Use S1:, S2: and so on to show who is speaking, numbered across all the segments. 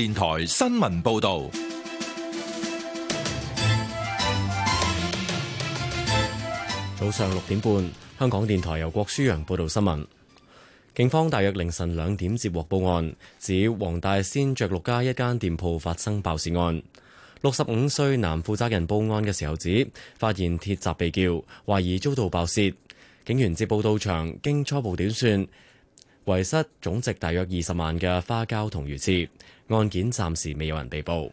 S1: 電台新聞報道，
S2: 早上六點半，香港電台由郭書洋報道新聞。警方大約凌晨兩點接獲報案，指黃大仙爵祿街一間店鋪發生爆竊案。六十五歲男負責人報案嘅時候指，發現鐵閘被撬，懷疑遭到爆竊。警員接報到場，經初步點算，遺失總值大約二十萬嘅花膠同魚翅。案件暫時未有人被捕。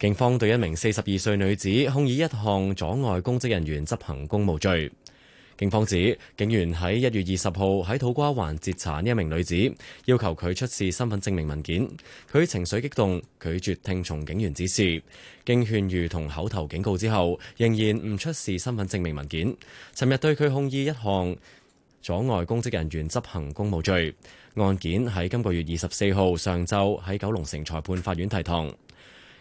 S2: 警方對一名四十二歲女子控以一項阻礙公職人員執行公務罪。警方指警員喺一月二十號喺土瓜灣截查呢一名女子，要求佢出示身份證明文件，佢情緒激動，拒絕聽從警員指示，經勸喻同口頭警告之後，仍然唔出示身份證明文件。尋日對佢控以一項阻礙公職人員執行公務罪。案件喺今個月二十四號上晝喺九龍城裁判法院提堂。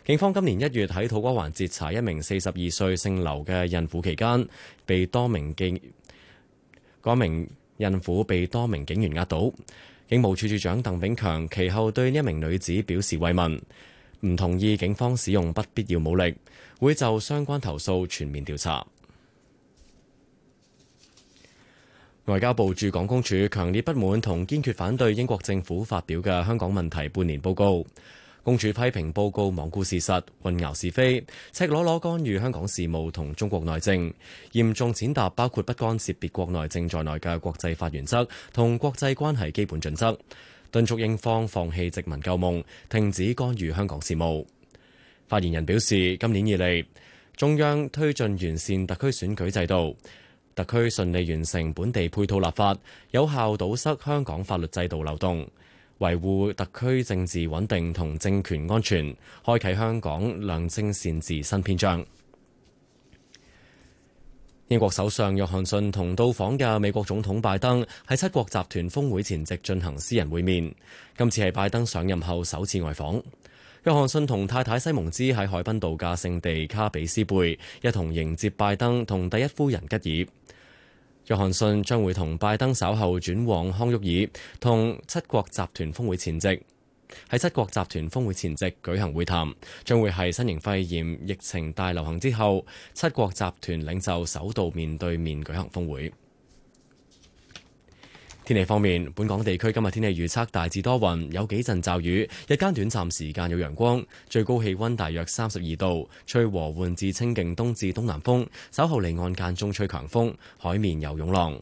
S2: 警方今年一月喺土瓜灣截查一名四十二歲姓劉嘅孕婦期間，被多名警，嗰名孕婦被多名警員壓倒。警務處處長鄧炳強其後對呢一名女子表示慰問，唔同意警方使用不必要武力，會就相關投訴全面調查。外交部駐港公署強烈不滿同堅決反對英國政府發表嘅香港問題半年報告。公署批評報告罔顧事實、混淆是非、赤裸裸干預香港事務同中國內政，嚴重踐踏包括不干涉別國內政在內嘅國際法原則同國際關係基本準則，敦促英方放棄殖民舊夢，停止干預香港事務。發言人表示，今年以嚟，中央推進完善特區選舉制度。特區順利完成本地配套立法，有效堵塞香港法律制度漏洞，維護特區政治穩定同政權安全，開啟香港良政善治新篇章。英國首相約翰遜同到訪嘅美國總統拜登喺七國集團峰會前夕進行私人會面，今次係拜登上任後首次外訪。約翰遜同太太西蒙茲喺海濱度假勝地卡比斯貝一同迎接拜登同第一夫人吉爾。約翰遜將會同拜登稍後轉往康沃爾，同七國集團峰會前夕喺七國集團峰會前夕舉行會談，將會係新型肺炎疫情大流行之後七國集團領袖首度面對面舉行峰會。天氣方面，本港地區今日天氣預測大致多雲，有幾陣驟雨，日間短暫時間有陽光，最高氣溫大約三十二度，吹和緩至清勁東至東南風，稍後離岸間中吹強風，海面有湧浪。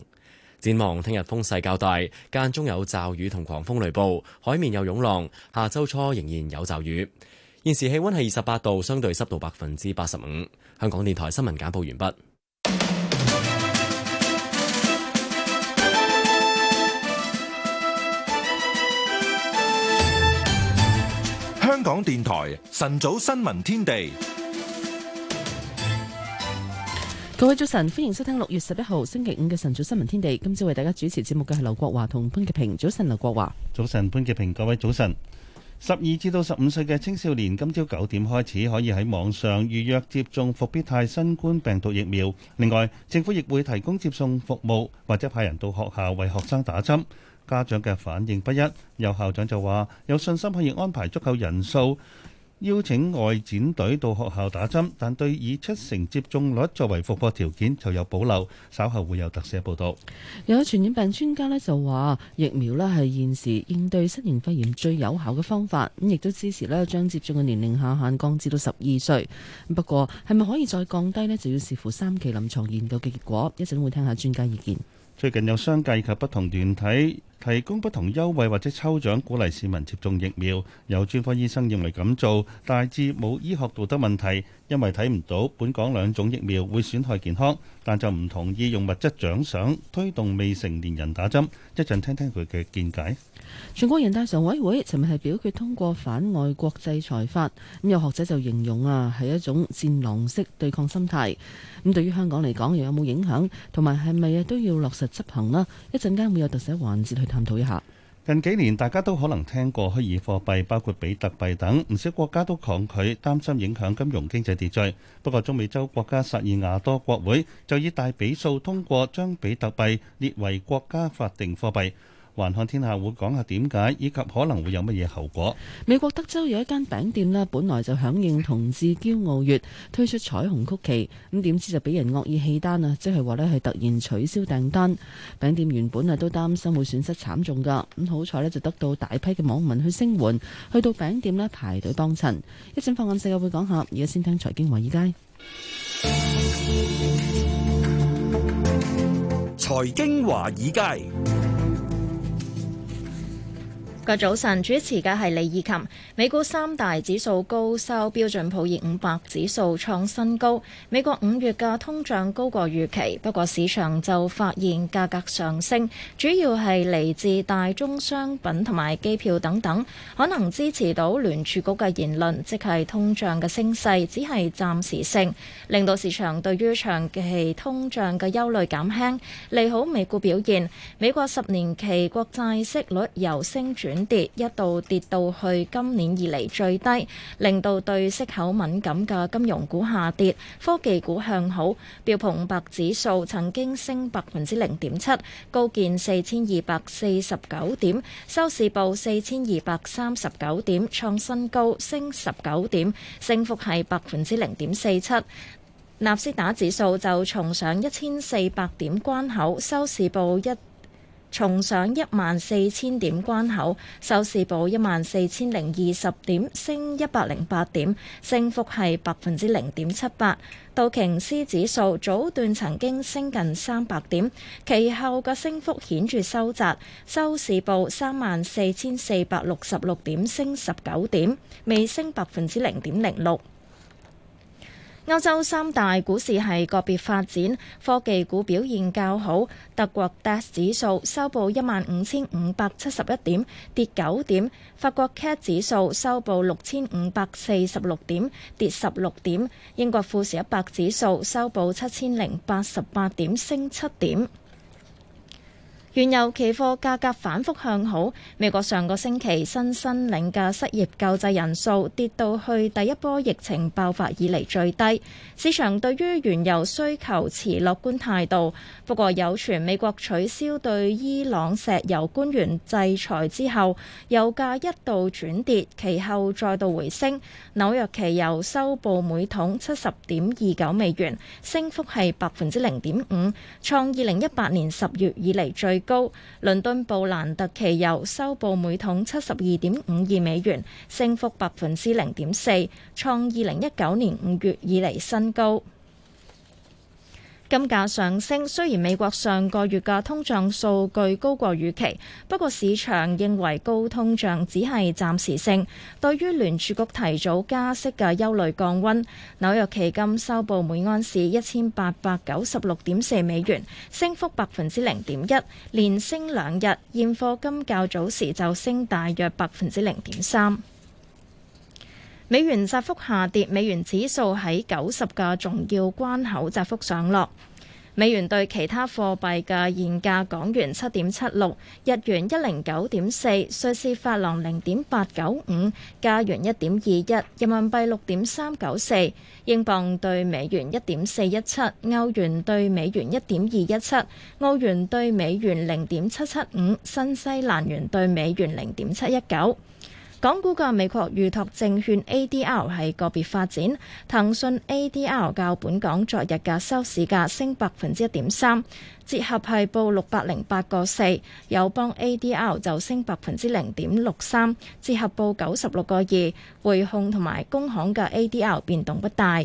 S2: 展望聽日風勢較大，間中有驟雨同狂風雷暴，海面有湧浪。下周初仍然有驟雨。現時氣溫係二十八度，相對濕度百分之八十五。香港電台新聞簡報完畢。
S1: 香港電台晨早新聞天地，
S3: 各位早晨，歡迎收聽六月十一號星期五嘅晨早新聞天地。今朝為大家主
S4: 持節目嘅係劉國華同潘潔平。早晨，劉國華，早晨，潘潔平，各位早晨。十二至到十五歲嘅青少年，今朝九點開始可以喺網上預約接種復必泰新冠病毒疫苗。另外，政府亦會提供接送服務，或者派人到學校為學生打針。家長嘅反應不一，有校長就話有信心可以安排足夠人數邀請外展隊到學校打針，但對以七成接種率作為復課條件就有保留。稍後會有特寫報導。
S3: 有傳染病專家呢就話疫苗呢係現時應對新型肺炎最有效嘅方法，咁亦都支持呢將接種嘅年齡下限降至到十二歲。不過係咪可以再
S4: 降低呢？就要視乎三期臨床研究嘅結果。一陣會聽下專家意見。最近有商界及不同團體，提供不同優惠或者抽獎鼓勵市民接種疫苗，有專科醫生認為咁做大致冇醫學道德問題，因為睇唔到本港兩種疫苗會損害健康，但就唔同意用物質獎賞推動未成年人打針。一陣聽聽佢嘅見解。
S3: 全國人大常委會尋日係表決通過反外國制裁法，咁有學者就形容啊係一種戰狼式對抗心態。咁對於香港嚟講又有冇影響，同埋係咪啊都要落實執行啦？一
S4: 陣間會有特寫環節去。探討一下，近幾年大家都可能聽過虛擬貨幣，包括比特幣等，唔少國家都抗拒，擔心影響金融經濟秩序。不過中美洲國家薩爾瓦多國會就以大比數通過，將比特幣列為國家法定貨幣。還看天下會講下點解，以及可能會有乜嘢後果。美
S3: 國德州有一間餅店呢，本來就響應同志驕傲月推出彩虹曲奇，咁點知就俾人惡意棄單啊！即係話呢係突然取消訂單，餅店原本啊都擔心會損失慘重噶，咁好彩呢，就得到大批嘅網民去聲援，去到餅店呢，排隊幫襯。一陣放眼世界會講下，而家先聽財經華爾街。
S1: 財經華爾街。
S5: 個早晨，主持嘅係李怡琴。美股三大指數高收，標準普爾五百指數創新高。美國五月嘅通脹高過預期，不過市場就發現價格上升，主要係嚟自大宗商品同埋機票等等，可能支持到聯儲局嘅言論，即係通脹嘅升勢只係暫時性，令到市場對於長期通脹嘅憂慮減輕，利好美股表現。美國十年期國債息率由升轉跌，一度跌到去今年以嚟最低，令到對息口敏感嘅金融股下跌，科技股向好。標普五百指數曾經升百分之零點七，高見四千二百四十九點，收市報四千二百三十九點，創新高，升十九點，升幅係百分之零點四七。納斯達克指數就重上一千四百點關口，收市報一。重上一萬四千點關口，收市報一萬四千零二十點，升一百零八點，升幅係百分之零點七八。道瓊斯指數早段曾經升近三百點，其後嘅升幅顯著收窄，收市報三萬四千四百六十六點，升十九點，微升百分之零點零六。歐洲三大股市係個別發展，科技股表現較好。德國 DAX 指數收報一萬五千五百七十一點，跌九點；法國 CAC 指數收報六千五百四十六點，跌十六點；英國富時一百指數收報七千零八十八點，升七點。原油期貨價格反復向好，美國上個星期新申領嘅失業救濟人數跌到去第一波疫情爆發以嚟最低，市場對於原油需求持樂觀態度。不過有傳美國取消對伊朗石油官員制裁之後，油價一度轉跌，其後再度回升。紐約期油收報每桶七十點二九美元，升幅係百分之零點五，創二零一八年十月以嚟最。高，倫敦布蘭特期油收報每桶七十二點五二美元，升幅百分之零點四，創二零一九年五月以嚟新高。金價上升，雖然美國上個月嘅通脹數據高過預期，不過市場認為高通脹只係暫時性。對於聯儲局提早加息嘅憂慮降溫，紐約期金收報每安士一千八百九十六點四美元，升幅百分之零點一，連升兩日。現貨金較早時就升大約百分之零點三。美元窄幅下跌，美元指數喺九十個重要關口窄幅上落。美元對其他貨幣嘅現價：港元七點七六，日元一零九點四，瑞士法郎零點八九五，加元一點二一，人民幣六點三九四，英鎊對美元一點四一七，歐元對美元一點二一七，澳元對美元零點七七五，新西蘭元對美元零點七一九。港股嘅美國預託證券 ADR 係個別發展，騰訊 ADR 較本港昨日嘅收市價升百分之一點三，折合係報六百零八個四；友邦 ADR 就升百分之零點六三，折合報九十六個二；匯控同埋工行嘅 ADR 變動不大。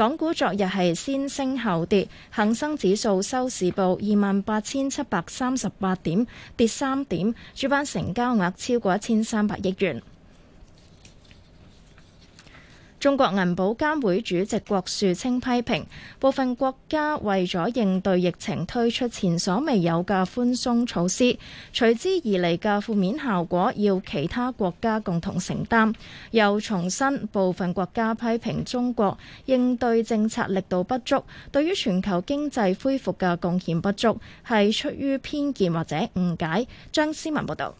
S5: 港股昨日係先升後跌，恒生指數收市報二萬八千七百三十八點，跌三點，主板成交額超過一千三百億元。中國銀保監會主席郭樹清批評部分國家為咗應對疫情推出前所未有嘅寬鬆措施，隨之而嚟嘅負面效果要其他國家共同承擔。又重申部分國家批評中國應對政策力度不足，對於全球經濟恢復嘅貢獻不足，係出於
S6: 偏見或者誤解。張思文報道。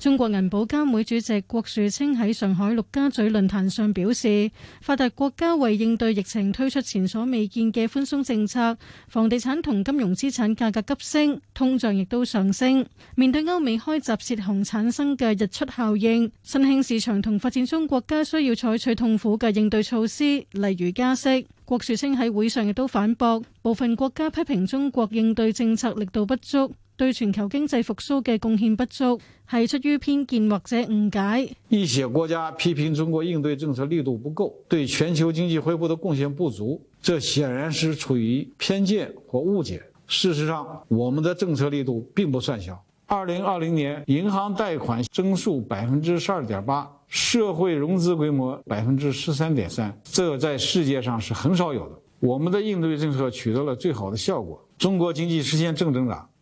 S6: 中國銀保監會主席郭樹清喺上海陸家嘴論壇上表示，發達國家為應對疫情推出前所未見嘅寬鬆政策，房地產同金融資產價格急升，通脹亦都上升。面對歐美開閘洩洪產生嘅溢出效應，新興市場同發展中國家需要採取痛苦嘅應對措施，例如加息。郭樹清喺會上亦都反駁，部分國家批評中國應對政策力度不足。對全球經濟復蘇的貢獻不足，是出於偏見或者誤解。
S4: 一
S7: 些國家批評中國應對政策力度不夠，對全球經濟恢復的貢獻不足，這顯然是出於偏見或誤解。事實上，我們的政策力度並不算小。二零二零年銀行貸款增速百分之十二點八，社會融資規模百分之十三點三，這在世界上是很少有的。我們的應對政策取得了最好的效果，中國經濟實現正增長。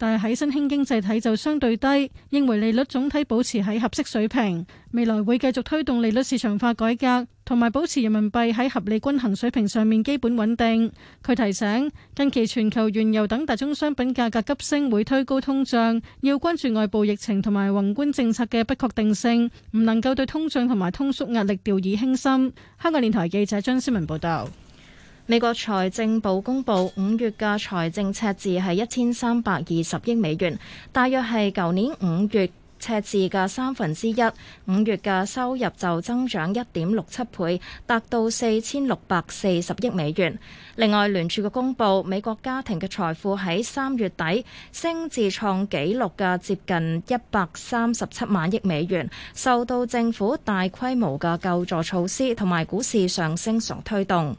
S6: 但喺新興經濟體就相對低，認為利率總體保持喺合適水平，未來會繼續推動利率市場化改革，同埋保持人民幣喺合理均衡水平上面基本穩定。佢提醒，近期全球原油等大宗商品價格急升，會推高通脹，要關注外部疫情同埋宏觀政策嘅不確定性，唔能夠對通脹同埋通縮壓力掉以輕心。香港電台記者張思文報道。美國財政部公布
S5: 五月嘅財政赤字係一千三百二十億美元，大約係舊年五月赤字嘅三分之一。五月嘅收入就增長一點六七倍，達到四千六百四十億美元。另外，聯儲嘅公佈，美國家庭嘅財富喺三月底升至創紀錄嘅接近一百三十七萬億美元，受到政府大規模嘅救助措施同埋股市上升所推動。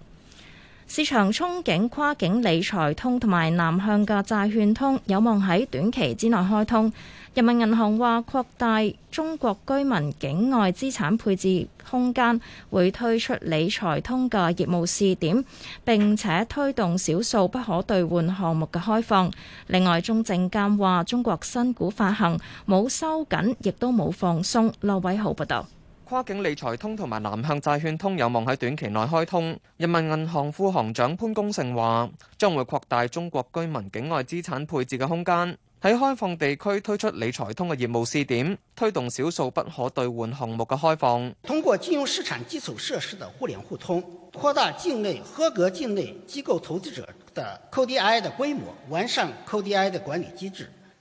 S5: 市場憧憬跨境理財通同埋南向嘅債券通有望喺短期之內開通。人民銀行話擴大中國居民境外資產配置空間，會推出理財通嘅業務試點，並且推動少數不可兌換項目嘅開放。另外，中證監話中國新股發行冇收緊，亦都冇放鬆。劉偉豪報道。
S8: 跨境理財通同埋南向債券通有望喺短期內開通。人民銀行副行長潘功勝話將會擴大中國居民境外資產配置嘅空間，喺開放地區推出理財通嘅業務試點，推動少數不可兌換項目嘅開放。
S9: 通過金融市場基礎設施的互聯互通，擴大境內合格境內機構投資者的 QDII 的規模，完善 QDII 的管理機制。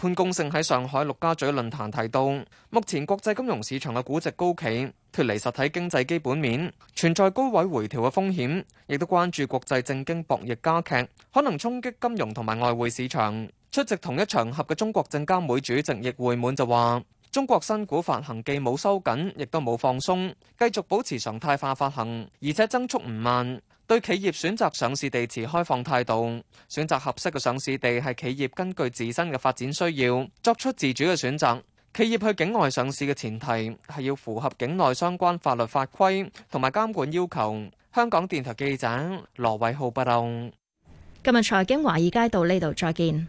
S8: 潘功勝喺上海陸家嘴論壇提到，目前國際金融市場嘅估值高企，脫離實體經濟基本面，存在高位回調嘅風險，亦都關注國際政經博弈加劇，可能衝擊金融同埋外匯市場。出席同一場合嘅中國證監會主席易會滿就話，中國新股發行既冇收緊，亦都冇放鬆，繼續保持常態化發行，而且增速唔慢。對企業選擇上市地持開放態度，選擇合適嘅上市地係企業根據自身嘅發展需要作出自主嘅選擇。企業去境外上市嘅前提係要符合境內相關法律法規同埋監管要求。香港電台記者羅偉浩報道。
S5: 今日財經華爾街到呢度再見。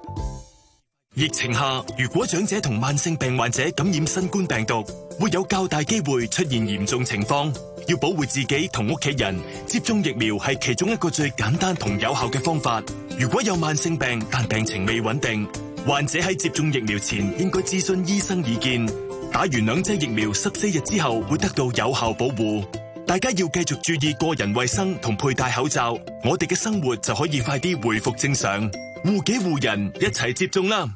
S1: 疫情下，如果長者同慢性病患者感染新冠病毒，會有較大機會出現嚴重情況。要保護自己同屋企人，接種疫苗係其中一個最簡單同有效嘅方法。如果有慢性病但病情未穩定，患者喺接種疫苗前應該諮詢醫生意見。打完兩劑疫苗十四日之後，會得到有效保護。大家要繼續注意個人衛生同佩戴口罩，我哋嘅生活就可以快啲回復正常。護己護人，一齊接種啦！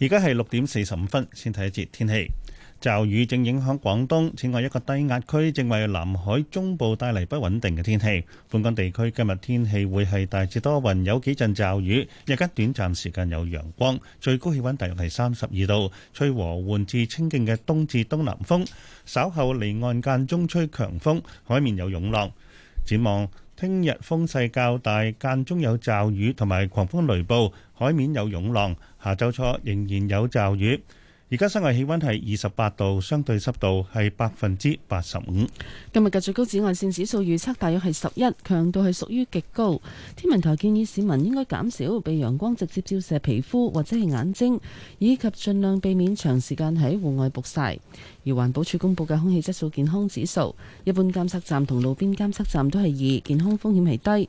S4: 而家係六點四十五分，先睇一節天氣。驟雨正影響廣東，此外一個低壓區正為南海中部帶嚟不穩定嘅天氣。本港地區今日天氣會係大致多雲，有幾陣驟雨，日間短暫時間有陽光，最高氣溫大約係三十二度，吹和緩至清勁嘅東至東南風。稍後離岸間中吹強風，海面有湧浪。展望聽日風勢較大，間中有驟雨同埋狂風雷暴。海面有湧浪，下晝初仍然有驟雨。而家室外氣溫係二十八度，相對濕度係百分之八十五。今日嘅
S3: 最高紫外線指數預測大約係十一，強度係屬於極高。天文台建議市民應該減少被陽光直接照射皮膚或者係眼睛，以及盡量避免長時間喺戶外曝曬。而環保署公布嘅空氣質素健康指數，一般監測站同路邊監測站都係二，健康風險係低。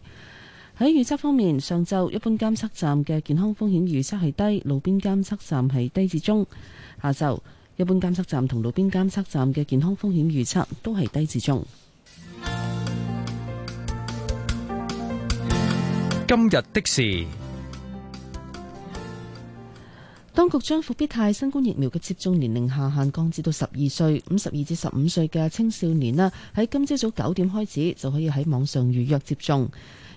S3: 喺預測方面，上晝一般監測站嘅健康風險預測係低，路邊監測站係低至中。下晝一般監測站同路邊監測站嘅健康風險預測都係低至中。今日的事，當局將伏必泰新冠疫苗嘅接種年齡下限降至到十二歲，咁十二至十五歲嘅青少年啦，喺今朝早九點開始就可以喺網上預約接種。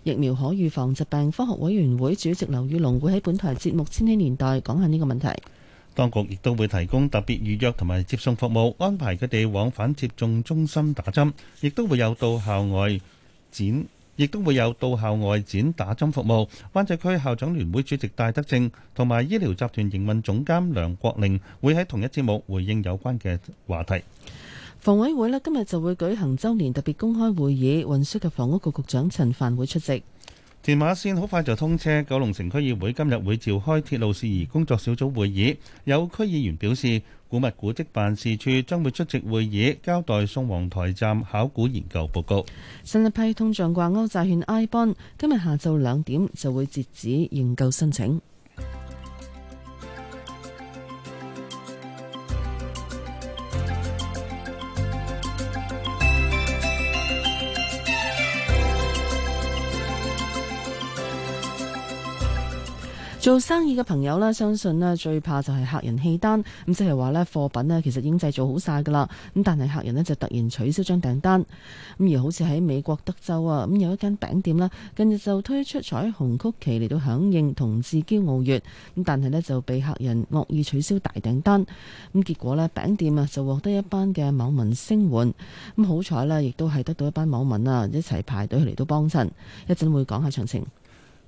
S3: 疫苗可預防疾病科學委員會主席劉宇龍會喺本台節目《千禧年代》講下呢個問題。
S4: 當局亦都會提供特別預約同埋接送服務，安排佢哋往返接種中心打針，亦都會有到校外展，亦都會有到校外展打針服務。灣仔區校長聯會主席戴德正同埋醫療集團營運總監梁國寧會喺同一節目回應有關嘅話題。
S3: 房委會呢今日就會舉行周年特別公開會議，運輸及房屋局局長陳帆會出席。
S4: 屯馬綫好快就通車，九龍城區議會今日會召開鐵路事宜工作小組會議。有區議員表示，古物古蹟辦事處將會出席會議，交代宋皇台站考古研究報告。
S3: 新一批通脹掛鈎債券 I bond 今日下晝兩點就會截止認購申請。做生意嘅朋友咧，相信咧最怕就係客人棄單，咁即係話咧貨品咧其實已經製造好晒噶啦，咁但係客人咧就突然取消張訂單，咁而好似喺美國德州啊，咁有一間餅店啦，近日就推出彩虹曲奇嚟到響應同志驕傲月，咁但係咧就被客人惡意取消大訂單，咁結果咧餅店啊就獲得一班嘅網民聲援，咁好彩咧亦都係得到一班網民啊一齊排隊嚟到幫襯，一陣會講下詳情。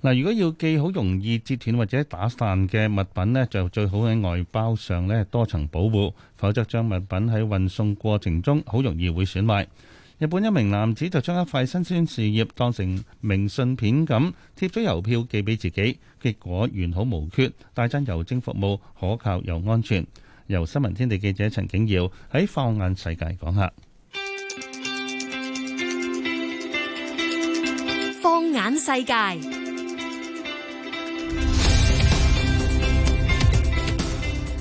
S4: 嗱，如果要寄好容易折斷或者打散嘅物品咧，就最好喺外包上咧多層保護，否則將物品喺運送過程中好容易會損壞。日本一名男子就將一塊新鮮樹葉當成明信片咁貼咗郵票寄俾自己，結果完好無缺，大讚郵政服務可靠又安全。由新聞天地記者陳景耀喺放眼世界講下。
S10: 放眼世界。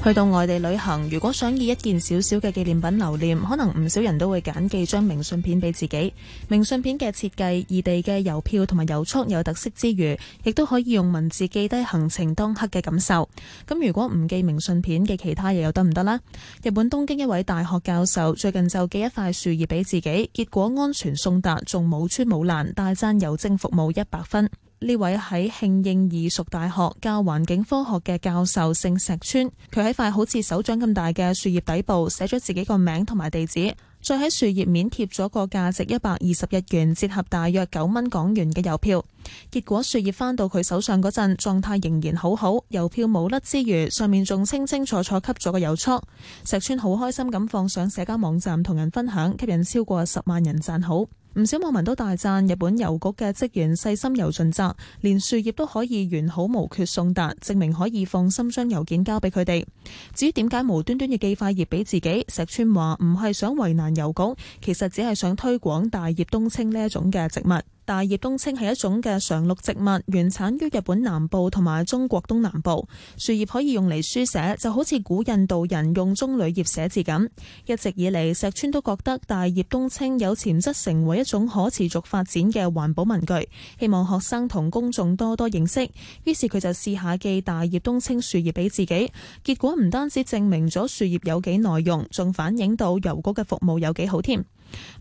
S11: 去到外地旅行，如果想以一件少少嘅紀念品留念，可能唔少人都會揀寄張明信片俾自己。明信片嘅設計、異地嘅郵票同埋郵戳有特色之餘，亦都可以用文字記低行程當刻嘅感受。咁如果唔寄明信片嘅其他嘢又得唔得咧？日本東京一位大學教授最近就寄一塊樹葉俾自己，結果安全送達，仲冇穿冇爛，大讚郵政服務一百分。呢位喺慶應義塾大學教環境科學嘅教授姓石川，佢喺塊好似手掌咁大嘅樹葉底部寫咗自己個名同埋地址，再喺樹葉面貼咗個價值一百二十日元，折合大約九蚊港元嘅郵票。結果樹葉返到佢手上嗰陣，狀態仍然好好，郵票冇甩之餘，上面仲清清楚楚吸咗個郵戳。石川好開心咁放上社交網站同人分享，吸引超過十萬人贊好。唔少網民都大贊日本郵局嘅職員細心又盡責，連樹葉都可以完好無缺送達，證明可以放心將郵件交俾佢哋。至於點解無端端嘅寄塊葉俾自己，石川話唔係想為難郵局，其實只係想推廣大葉冬青呢一種嘅植物。大葉冬青係一種嘅常綠植物，原產於日本南部同埋中國東南部。樹葉可以用嚟書寫，就好似古印度人用棕櫚葉寫字咁。一直以嚟，石川都覺得大葉冬青有潛質成為一種可持續發展嘅環保文具，希望學生同公眾多多認識。於是佢就試下寄大葉冬青樹葉畀自己，結果唔單止證明咗樹葉有幾耐用，仲反映到郵局嘅服務有幾好添。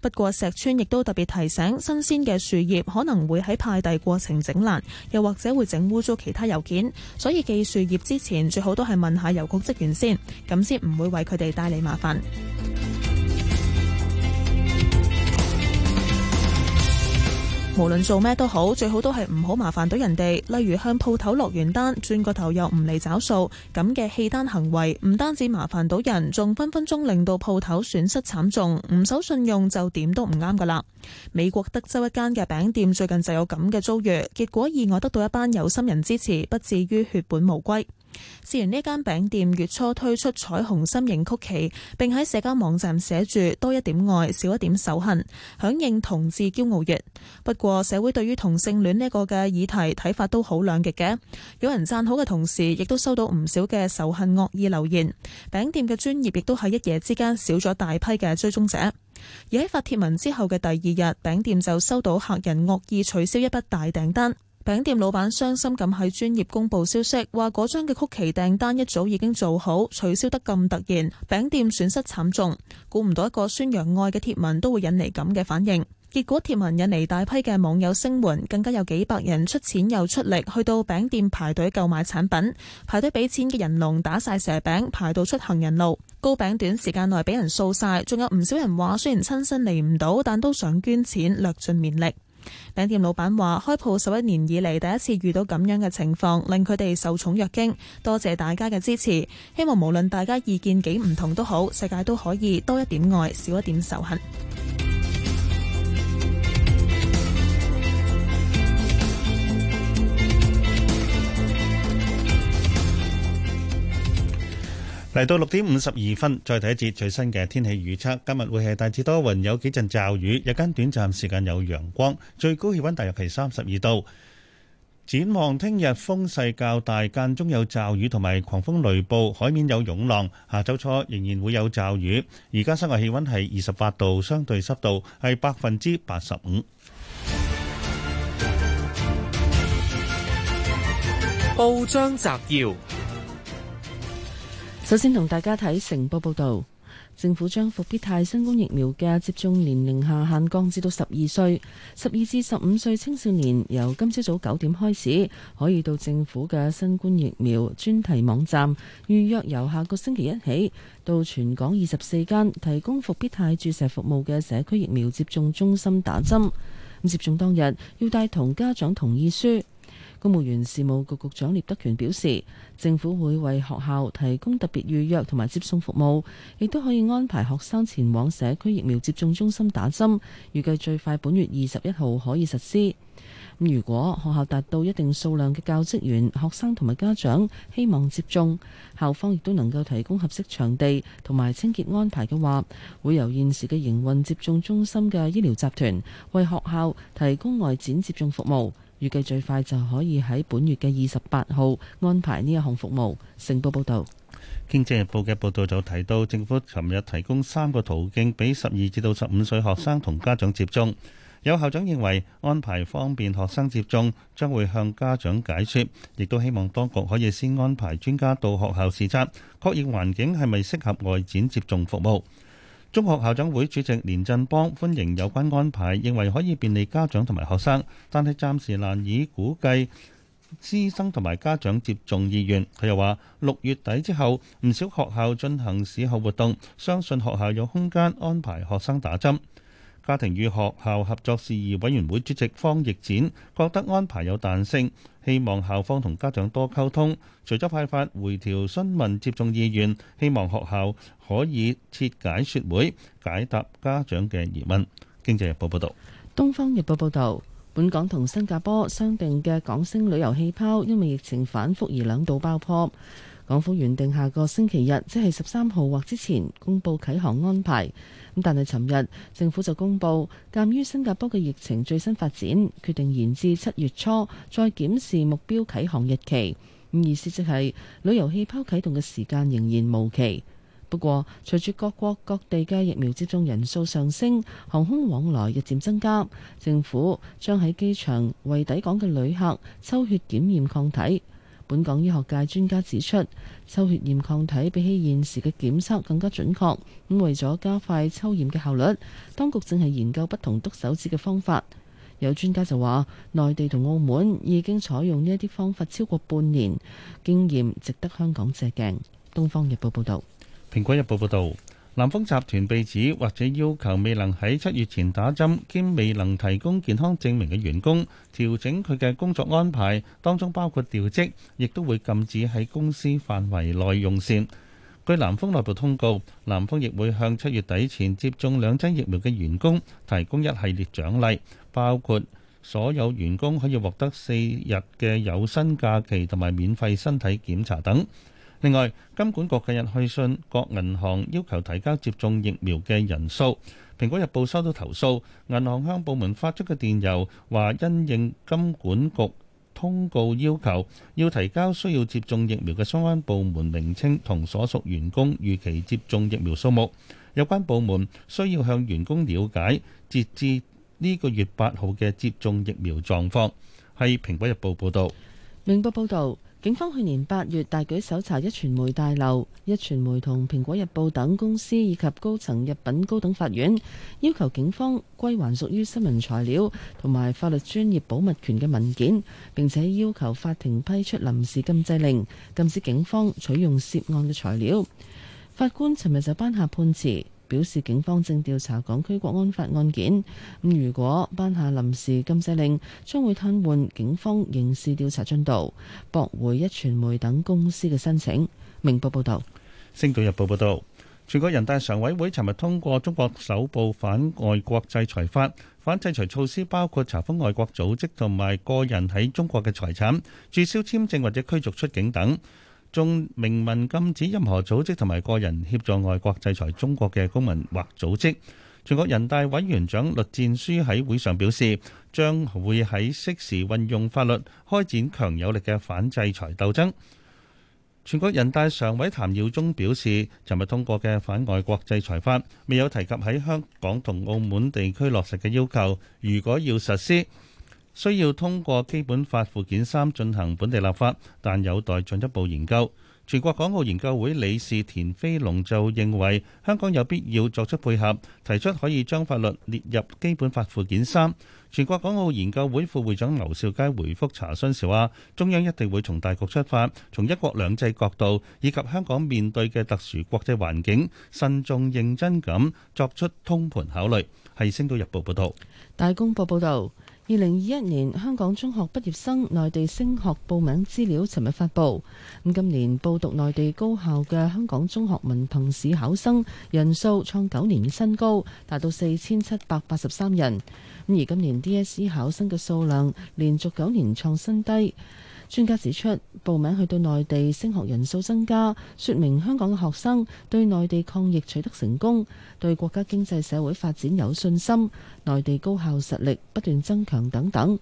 S11: 不過石川亦都特別提醒，新鮮嘅樹葉可能會喺派遞過程整爛，又或者會整污糟其他郵件，所以寄樹葉之前最好都係問下郵局職員先，咁先唔會為佢哋帶嚟麻煩。無論做咩都好，最好都係唔好麻煩到人哋。例如向鋪頭落完單，轉個頭又唔嚟找數咁嘅棄單行為，唔單止麻煩到人，仲分分鐘令到鋪頭損失慘重。唔守信用就點都唔啱㗎喇！美國德州一間嘅餅店最近就有咁嘅遭遇，結果意外得到一班有心人支持，不至於血本無歸。試完呢間餅店月初推出彩虹心形曲奇，並喺社交網站寫住多一點愛，少一點仇恨，響應同志驕傲月。不過社會對於同性戀呢一個嘅議題睇法都好兩極嘅，有人讚好嘅同時，亦都收到唔少嘅仇恨惡意留言。餅店嘅專頁亦都喺一夜之間少咗大批嘅追蹤者，而喺發帖文之後嘅第二日，餅店就收到客人惡意取消一筆大訂單。餅店老闆傷心咁喺專業公布消息，話嗰張嘅曲奇訂單一早已經做好，取消得咁突然，餅店損失慘重。估唔到一個宣揚愛嘅貼文都會引嚟咁嘅反應，結果貼文引嚟大批嘅網友聲援，更加有幾百人出錢又出力，去到餅店排隊購買產品。排隊俾錢嘅人龍打晒蛇餅，排到出行人路，糕餅短時間內俾人掃晒，仲有唔少人話雖然親身嚟唔到，但都想捐錢略盡綿力。餅店老闆話：開鋪十一年以嚟，第一次遇到咁樣嘅情況，令佢哋受寵若驚。多謝大家嘅支持，希望無論大家意見幾唔同都好，世界都可以多一點愛，少一點仇恨。
S4: 嚟到六點五十二分，再睇一節最新嘅天氣預測。今日會係大致多雲，有幾陣驟雨，日間短暫時間有陽光，最高氣溫大約係三十二度。展望聽日風勢較大，間中有驟雨同埋狂風雷暴，海面有湧浪。下週初仍然會有驟雨。而家室外氣溫係二十八度，相對濕度係百分之八十五。報章摘要。
S3: 首先同大家睇成報報導，政府將復必泰新冠疫苗嘅接種年齡下限降至到十二歲，十二至十五歲青少年由今朝早九點開始可以到政府嘅新冠疫苗專題網站預約，由下個星期一起到全港二十四間提供復必泰注射服務嘅社區疫苗接種中心打針。接種當日要帶同家長同意書。公務員事務局局長聶德權表示，政府會為學校提供特別預約同埋接送服務，亦都可以安排學生前往社區疫苗接種中心打針。預計最快本月二十一號可以實施。如果學校達到一定數量嘅教職員、學生同埋家長希望接種，校方亦都能夠提供合適場地同埋清潔安排嘅話，會由現時嘅營運接種中心嘅醫療集團為學校提供外展接種服務。預計最快就可以喺本月嘅二十八號安排呢一項服務。成報報導，
S4: 《經濟日報》嘅報導就提到，政府尋日提供三個途徑俾十二至到十五歲學生同家長接種。有校長認為安排方便學生接種，將會向家長解説，亦都希望當局可以先安排專家到學校視察，確認環境係咪適合外展接種服務。中學校長會主席連振邦歡迎有關安排，認為可以便利家長同埋學生，但係暫時難以估計師生同埋家長接種意願。佢又話：六月底之後，唔少學校進行試後活動，相信學校有空間安排學生打針。家庭與學校合作事宜委員會主席方逸展覺得安排有彈性。希望校方同家長多溝通，除咗派發回條詢問接種意願，希望學校可以設解説會解答家長嘅疑問。經濟日報報道，
S3: 東方日報報道，本港同新加坡商定嘅港星旅遊氣泡，因為疫情反覆而兩度爆破。港府原定下個星期日，即係十三號或之前，公布啟航安排。咁但係，尋日政府就公布，鑒於新加坡嘅疫情最新發展，決定延至七月初再檢視目標啟航日期。咁意思即係旅遊氣泡啟動嘅時間仍然無期。不過，隨住各國各地嘅疫苗接種人數上升，航空往來日漸增加，政府將喺機場為抵港嘅旅客抽血檢驗抗體。本港醫學界專家指出，抽血驗抗體比起現時嘅檢測更加準確。咁為咗加快抽驗嘅效率，當局正係研究不同篤手指嘅方法。有專家就話，內地同澳門已經採用呢一啲方法超過半年，經驗值得香港借鏡。《東方日報》報導，
S4: 《蘋果日報》報導。南豐集團被指或者要求未能喺七月前打針兼未能提供健康證明嘅員工調整佢嘅工作安排，當中包括調職，亦都會禁止喺公司範圍內用膳。據南豐內部通告，南豐亦會向七月底前接種兩劑疫苗嘅員工提供一系列獎勵，包括所有員工可以獲得四日嘅有薪假期同埋免費身體檢查等。另外，金管局近日去信各銀行，要求提交接種疫苗嘅人數，蘋果日報收到投訴銀行向部門發出嘅電郵話因應金管局通告要求，要提交需要接種疫苗嘅相關部門名稱同所屬員工預期接種疫苗數目。有關部門需要向員工了解截至呢個月八號嘅接種疫苗狀況，係蘋果日報報道。《明
S3: 報》報導。警方去年八月大舉搜查壹傳媒大樓，壹傳媒同《蘋果日報》等公司以及高層入稟高等法院，要求警方歸還屬於新聞材料同埋法律專業保密權嘅文件，並且要求法庭批出臨時禁制令，禁止警方取用涉案嘅材料。法官尋日就頒下判詞。表示警方正調查港區國安法案件，咁如果頒下臨時禁制令，將會癱瘓警方刑事調查進度，駁回壹傳媒等公司嘅申請。明報報導，
S4: 《星島日報》報導，全國人大常委會尋日通過中國首部反外國制裁法，反制裁措施包括查封外國組織同埋個人喺中國嘅財產、註銷簽證或者驅逐出境等。仲明文禁止任何組織同埋個人協助外國制裁中國嘅公民或組織。全國人大委員長栗戰書喺會上表示，將會喺適時運用法律，開展強有力嘅反制裁鬥爭。全國人大常委譚耀宗表示，尋日通過嘅反外國制裁法未有提及喺香港同澳門地區落實嘅要求，如果要實施，需要通過基本法附件三進行本地立法，但有待進一步研究。全國港澳研究會理事田飛龍就認為香港有必要作出配合，提出可以將法律列入基本法附件三。全國港澳研究會副會長劉兆佳回覆查詢時話，中央一定會從大局出發，從一國兩制角度，以及香港面對嘅特殊國際環境，慎重認真咁作出通盤考慮，係星島日報報道，
S3: 《大公報》報道。二零二一年香港中學畢業生內地升學報名資料，尋日發佈。咁今年報讀內地高校嘅香港中學文憑試考生人數創九年新高，達到四千七百八十三人。咁而今年 DSE 考生嘅數量連續九年創新低。專家指出，報名去到內地升學人數增加，說明香港嘅學生對內地抗疫取得成功、對國家經濟社會發展有信心、內地高校實力不斷增強等等。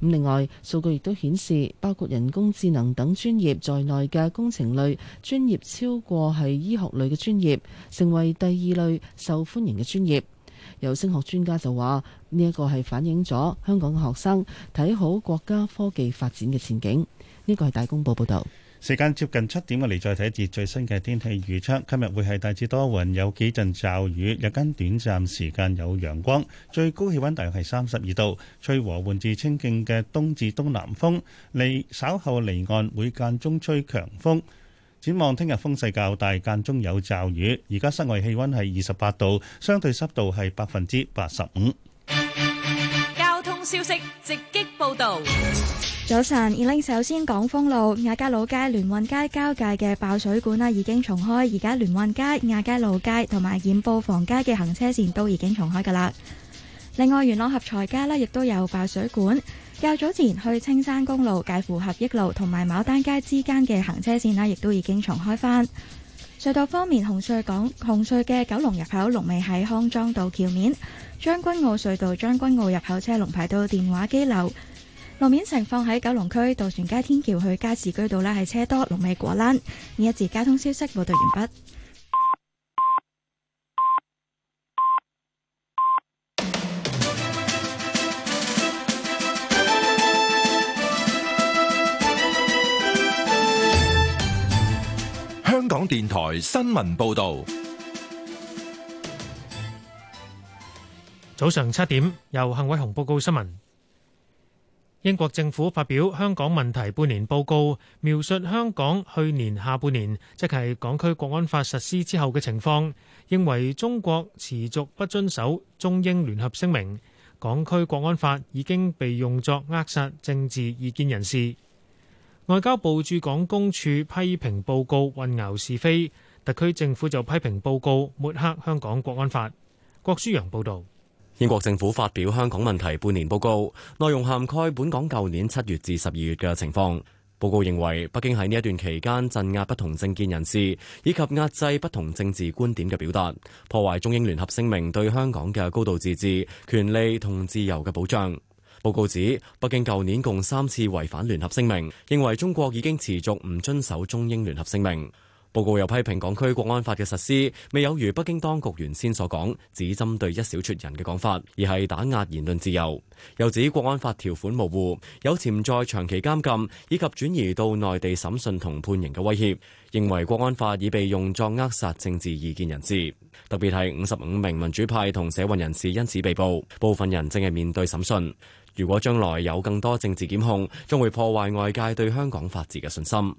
S3: 咁另外，數據亦都顯示，包括人工智能等專業在內嘅工程類專業，超過係醫學類嘅專業，成為第二類受歡迎嘅專業。有升學專家就話：呢一個係反映咗香港嘅學生睇好國家科技發展嘅前景。呢個係大公報報道。
S4: 時間接近七點嘅嚟，我哋再睇一節最新嘅天氣預測。今日會係大致多雲，有幾陣驟雨，日間短暫時間有陽光，最高氣溫大約係三十二度，吹和緩至清勁嘅東至東南風。離稍後離岸會間中吹強風。展望聽日風勢較大，間中有驟雨。而家室外氣溫係二十八度，相對濕度係百分之八十五。
S10: 消息直擊報道。
S12: 早晨，二拎首先講風路亞皆老街、聯運街交界嘅爆水管啦，已經重開。而家聯運街、亞皆老街同埋染布房街嘅行車線都已經重開噶啦。另外，元朗合財街呢亦都有爆水管。較早前去青山公路介乎合益路同埋牡丹街之間嘅行車線呢亦都已經重開返。隧道方面，紅隧港紅隧嘅九龍入口龍尾喺康莊道橋面。將軍澳隧道將軍澳入口車龍排到電話機樓，路面情況喺九龍區渡船街天橋去加士居道咧，係車多，龍尾果欄。呢一節交通消息報道完畢。
S1: 香港電台新聞報道。
S7: 早上七點，由幸偉雄報告新聞。英國政府發表香港問題半年報告，描述香港去年下半年，即係港區國安法實施之後嘅情況，認為中國持續不遵守中英聯合聲明，港區國安法已經被用作扼殺政治意見人士。外交部駐港公署批評報告混淆是非，特區政府就批評報告抹黑香港國安法。郭書洋報道。
S2: 英國政府發表香港問題半年報告，內容涵蓋本港舊年七月至十二月嘅情況。報告認為，北京喺呢一段期間鎮壓不同政見人士，以及壓制不同政治觀點嘅表達，破壞中英聯合聲明對香港嘅高度自治、權利同自由嘅保障。報告指，北京舊年共三次違反聯合聲明，認為中國已經持續唔遵守中英聯合聲明。報告又批評港區國安法嘅實施未有如北京當局原先所講，只針對一小撮人嘅講法，而係打壓言論自由。又指國安法條款模糊，有潛在長期監禁以及轉移到內地審訊同判刑嘅威脅。認為國安法已被用作扼殺政治異見人士，特別係五十五名民主派同社運人士因此被捕，部分人正係面對審訊。如果將來有更多政治檢控，將會破壞外界對香港法治嘅信心。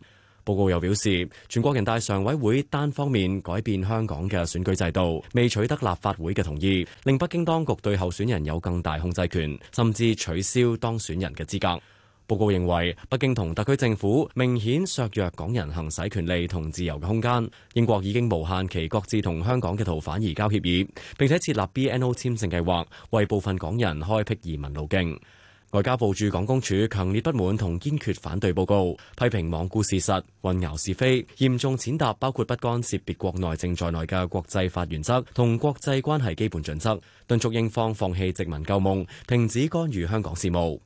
S2: 報告又表示，全國人大常委會單方面改變香港嘅選舉制度，未取得立法會嘅同意，令北京當局對候選人有更大控制權，甚至取消當選人嘅資格。報告認為，北京同特區政府明顯削弱港人行使權利同自由嘅空間。英國已經無限期擱置同香港嘅逃犯移交協議，並且設立 BNO 簽證計劃，為部分港人開闢移民路徑。外交部駐港公署強烈不滿同堅決反對報告，批評罔顧事實、混淆是非，嚴重踐踏包括不干涉別國內政在內嘅國際法原則同國際關係基本準則，敦促英方放棄殖民舊夢，停止干預香港事務。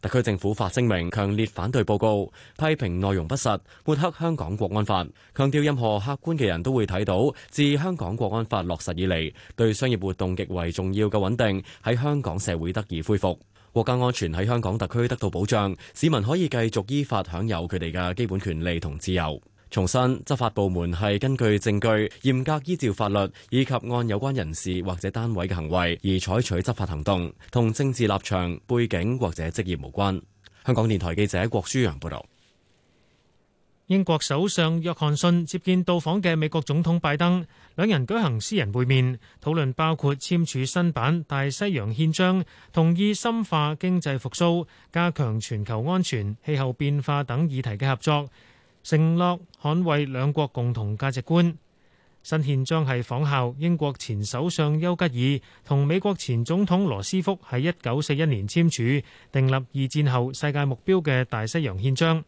S2: 特區政府發聲明，強烈反對報告，批評內容不實，抹黑香港國安法，強調任何客觀嘅人都會睇到，自香港國安法落實以嚟，對商業活動極為重要嘅穩定喺香港社會得以恢復。國家安全喺香港特區得到保障，市民可以繼續依法享有佢哋嘅基本權利同自由。重申，執法部門係根據證據，嚴格依照法律，以及按有關人士或者單位嘅行為而採取執法行動，同政治立場、背景或者職業無關。香港電台記者郭舒洋報道。
S7: 英國首相約翰遜接見到訪嘅美國總統拜登。兩人舉行私人會面，討論包括簽署新版《大西洋憲章》，同意深化經濟復甦、加強全球安全、氣候變化等議題嘅合作，承諾捍衛兩國共同價值觀。新憲章係仿效英國前首相丘吉爾同美國前總統羅斯福喺一九四一年簽署，訂立二戰後世界目標嘅《大西洋憲章》。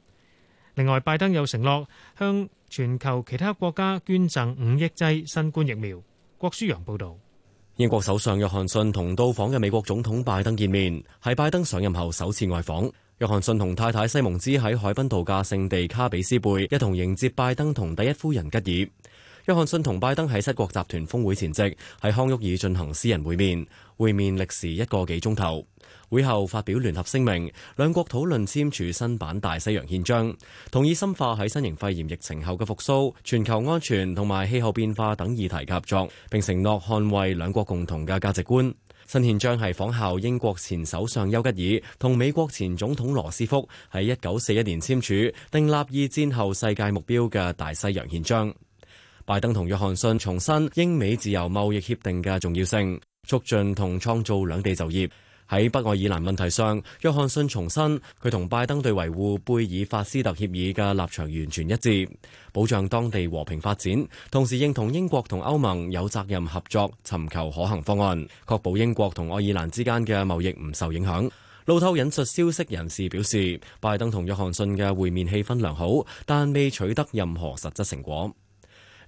S7: 另外，拜登又承諾向全球其他國家捐贈五億劑新冠疫苗。郭舒陽報道，
S2: 英國首相約翰遜同到訪嘅美國總統拜登見面，係拜登上任後首次外訪。約翰遜同太太西蒙茲喺海濱度假勝地卡比斯貝一同迎接拜登同第一夫人吉爾。約翰遜同拜登喺七國集團峰會前夕喺康沃爾進行私人會面，會面歷時一個幾鐘頭。會後發表聯合聲明，兩國討論簽署新版大西洋憲章，同意深化喺新型肺炎疫情後嘅復甦、全球安全同埋氣候變化等議題合作，並承諾捍衛兩國共同嘅價值觀。新憲章係仿效英國前首相丘吉爾同美國前總統羅斯福喺一九四一年簽署訂立二戰後世界目標嘅大西洋憲章。拜登同約翰遜重申英美自由貿易協定嘅重要性，促進同創造兩地就業。喺北愛爾蘭問題上，約翰遜重申佢同拜登對維護貝爾法斯特協議嘅立場完全一致，保障當地和平發展。同時認同英國同歐盟有責任合作，尋求可行方案，確保英國同愛爾蘭之間嘅貿易唔受影響。路透引述消息人士表示，拜登同約翰遜嘅會面氣氛良好，但未取得任何實質成果。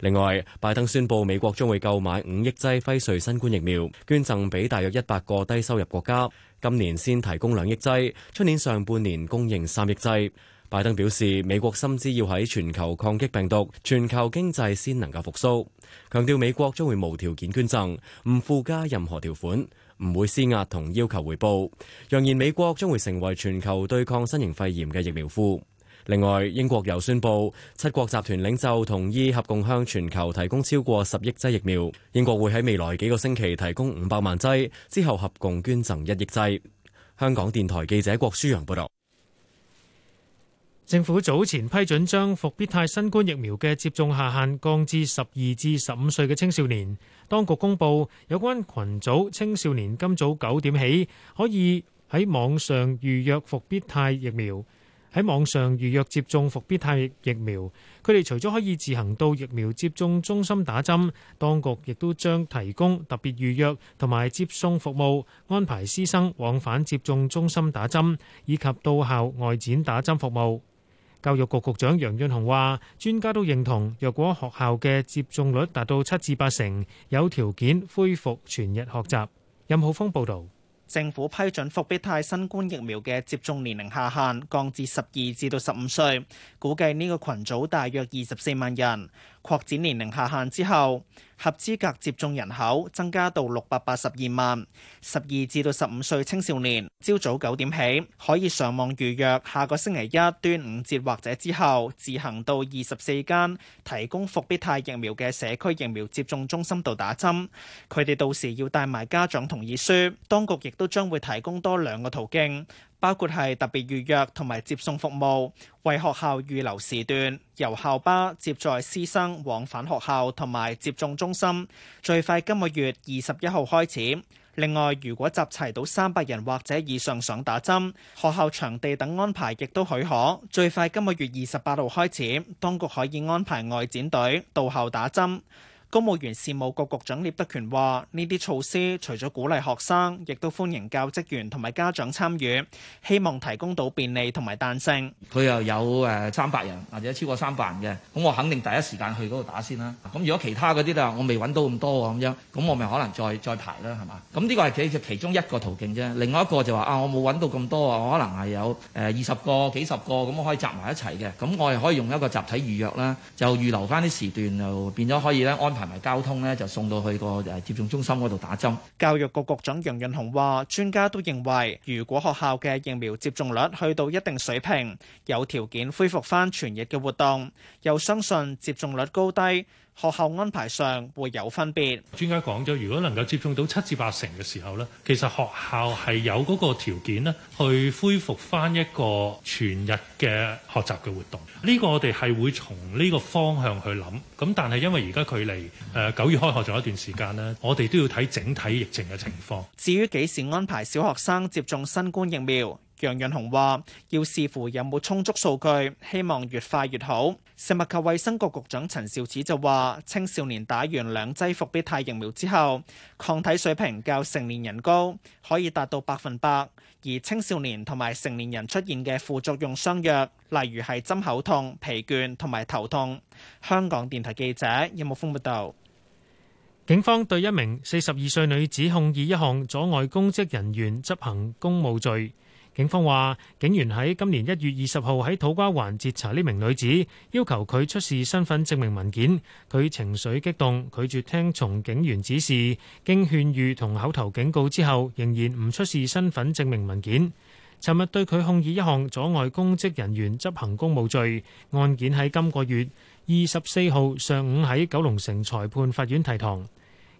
S2: 另外，拜登宣布美國將會購買五億劑輝瑞新冠疫苗，捐贈俾大約一百個低收入國家。今年先提供兩億劑，出年上半年供應三億劑，拜登表示，美國深知要喺全球抗擊病毒，全球經濟先能夠復蘇，強調美國將會無條件捐贈，唔附加任何條款，唔會施壓同要求回報，揚言美國將會成為全球對抗新型肺炎嘅疫苗庫。另外，英國又宣布，七國集團領袖同意合共向全球提供超過十億劑疫苗。英國會喺未來幾個星期提供五百萬劑，之後合共捐贈一億劑。香港電台記者郭舒揚報導。政府
S7: 早前批准將伏必泰新冠疫苗嘅接種下限降至十二至十五歲嘅青少年。當局公布有關群組青少年今早九點起可以喺網上預約伏必泰疫苗。喺網上預約接種復必泰疫苗，佢哋除咗可以自行到疫苗接種中心打針，當局亦都將提供特別預約同埋接送服務，安排師生往返接種中心打針，以及到校外展打針服務。教育局局長楊潤雄話：專家都認同，若果學校嘅接種率達到七至八成，有條件恢復全日學習。任浩峰報導。
S9: 政府批准復必泰新冠疫苗嘅接種年齡下限降至十二至到十五歲，估計呢個群組大約二十四萬人。擴展年齡下限之後，合資格接種人口增加到六百八十二萬。十二至到十五歲青少年，朝早九點起可以上網預約，下個星期一端午節或者之後，自行到二十四間提供復必泰疫苗嘅社區疫苗接種中心度打針。佢哋到時要帶埋家長同意書。當局亦都將會提供多兩個途徑。包括係特別預約同埋接送服務，為學校預留時段，由校巴接載師生往返學校同埋接種中心，最快今個月二十一號開始。另外，如果集齊到三百人或者以上想打針，學校場地等安排亦都許可，最快今個月二十八號開始，當局可以安排外展隊到校打針。公務員事務局局長聶德權話：呢啲措施除咗鼓勵學生，亦都歡迎教職員同埋家長參與，希望提供到便利同埋彈性。佢又有誒三百人或者超過三百人嘅，咁我肯定第一時間去嗰度打先啦。咁如果其他嗰啲啦，我未
S13: 揾到咁多咁樣，咁我咪可能再再排啦，係嘛？咁呢個係佢其中一個途徑啫。另外一個就話、是、啊，我冇揾到咁多啊，我可能係有誒二十個、幾十個，咁我可以集埋一齊嘅。咁我係可以用一個集體預約啦，就預留翻啲時段，就變咗可以咧安排。同埋交通
S9: 呢，就送到去個誒接種中心嗰度打針。教育局局長楊潤雄話：專家都認為，如果學校嘅疫苗接種率去到一定水平，有條件恢復翻全日嘅活動，又相信接種率高低，學校安排上會
S7: 有分別。專家講咗，如果能夠接種到七至八成嘅時候呢，其實學校係有嗰個條件咧，去恢復翻一個全日嘅學習嘅活動。呢個我哋係會從呢個方向去諗。咁但係因為而家距離誒九月開學仲有一段時間呢，我哋都要睇整體疫情嘅情況。
S9: 至於幾時安排小學生接種新冠疫苗，楊潤雄話要視乎有冇充足數據，希望越快越好。食物及衛生局局長陳肇始就話：青少年打完兩劑復必泰疫苗之後，抗體水平較成年人高，可以達到百分百。而青少年同埋成年人出現嘅副作用相若，例如係針口痛、疲倦同埋頭痛。香港電台記者葉木豐報道。
S7: 警方對一名四十二歲女子控以一項阻礙公職人員執行公務罪。警方話，警員喺今年一月二十號喺土瓜灣截查呢名女子，要求佢出示身份證明文件，佢情緒激動，拒絕聽從警員指示，經勸喻同口頭警告之後，仍然唔出示身份證明文件。尋日對佢控以一項阻礙公職人員執行公務罪，案件喺今個月二十四號上午喺九龍城裁判法院提堂。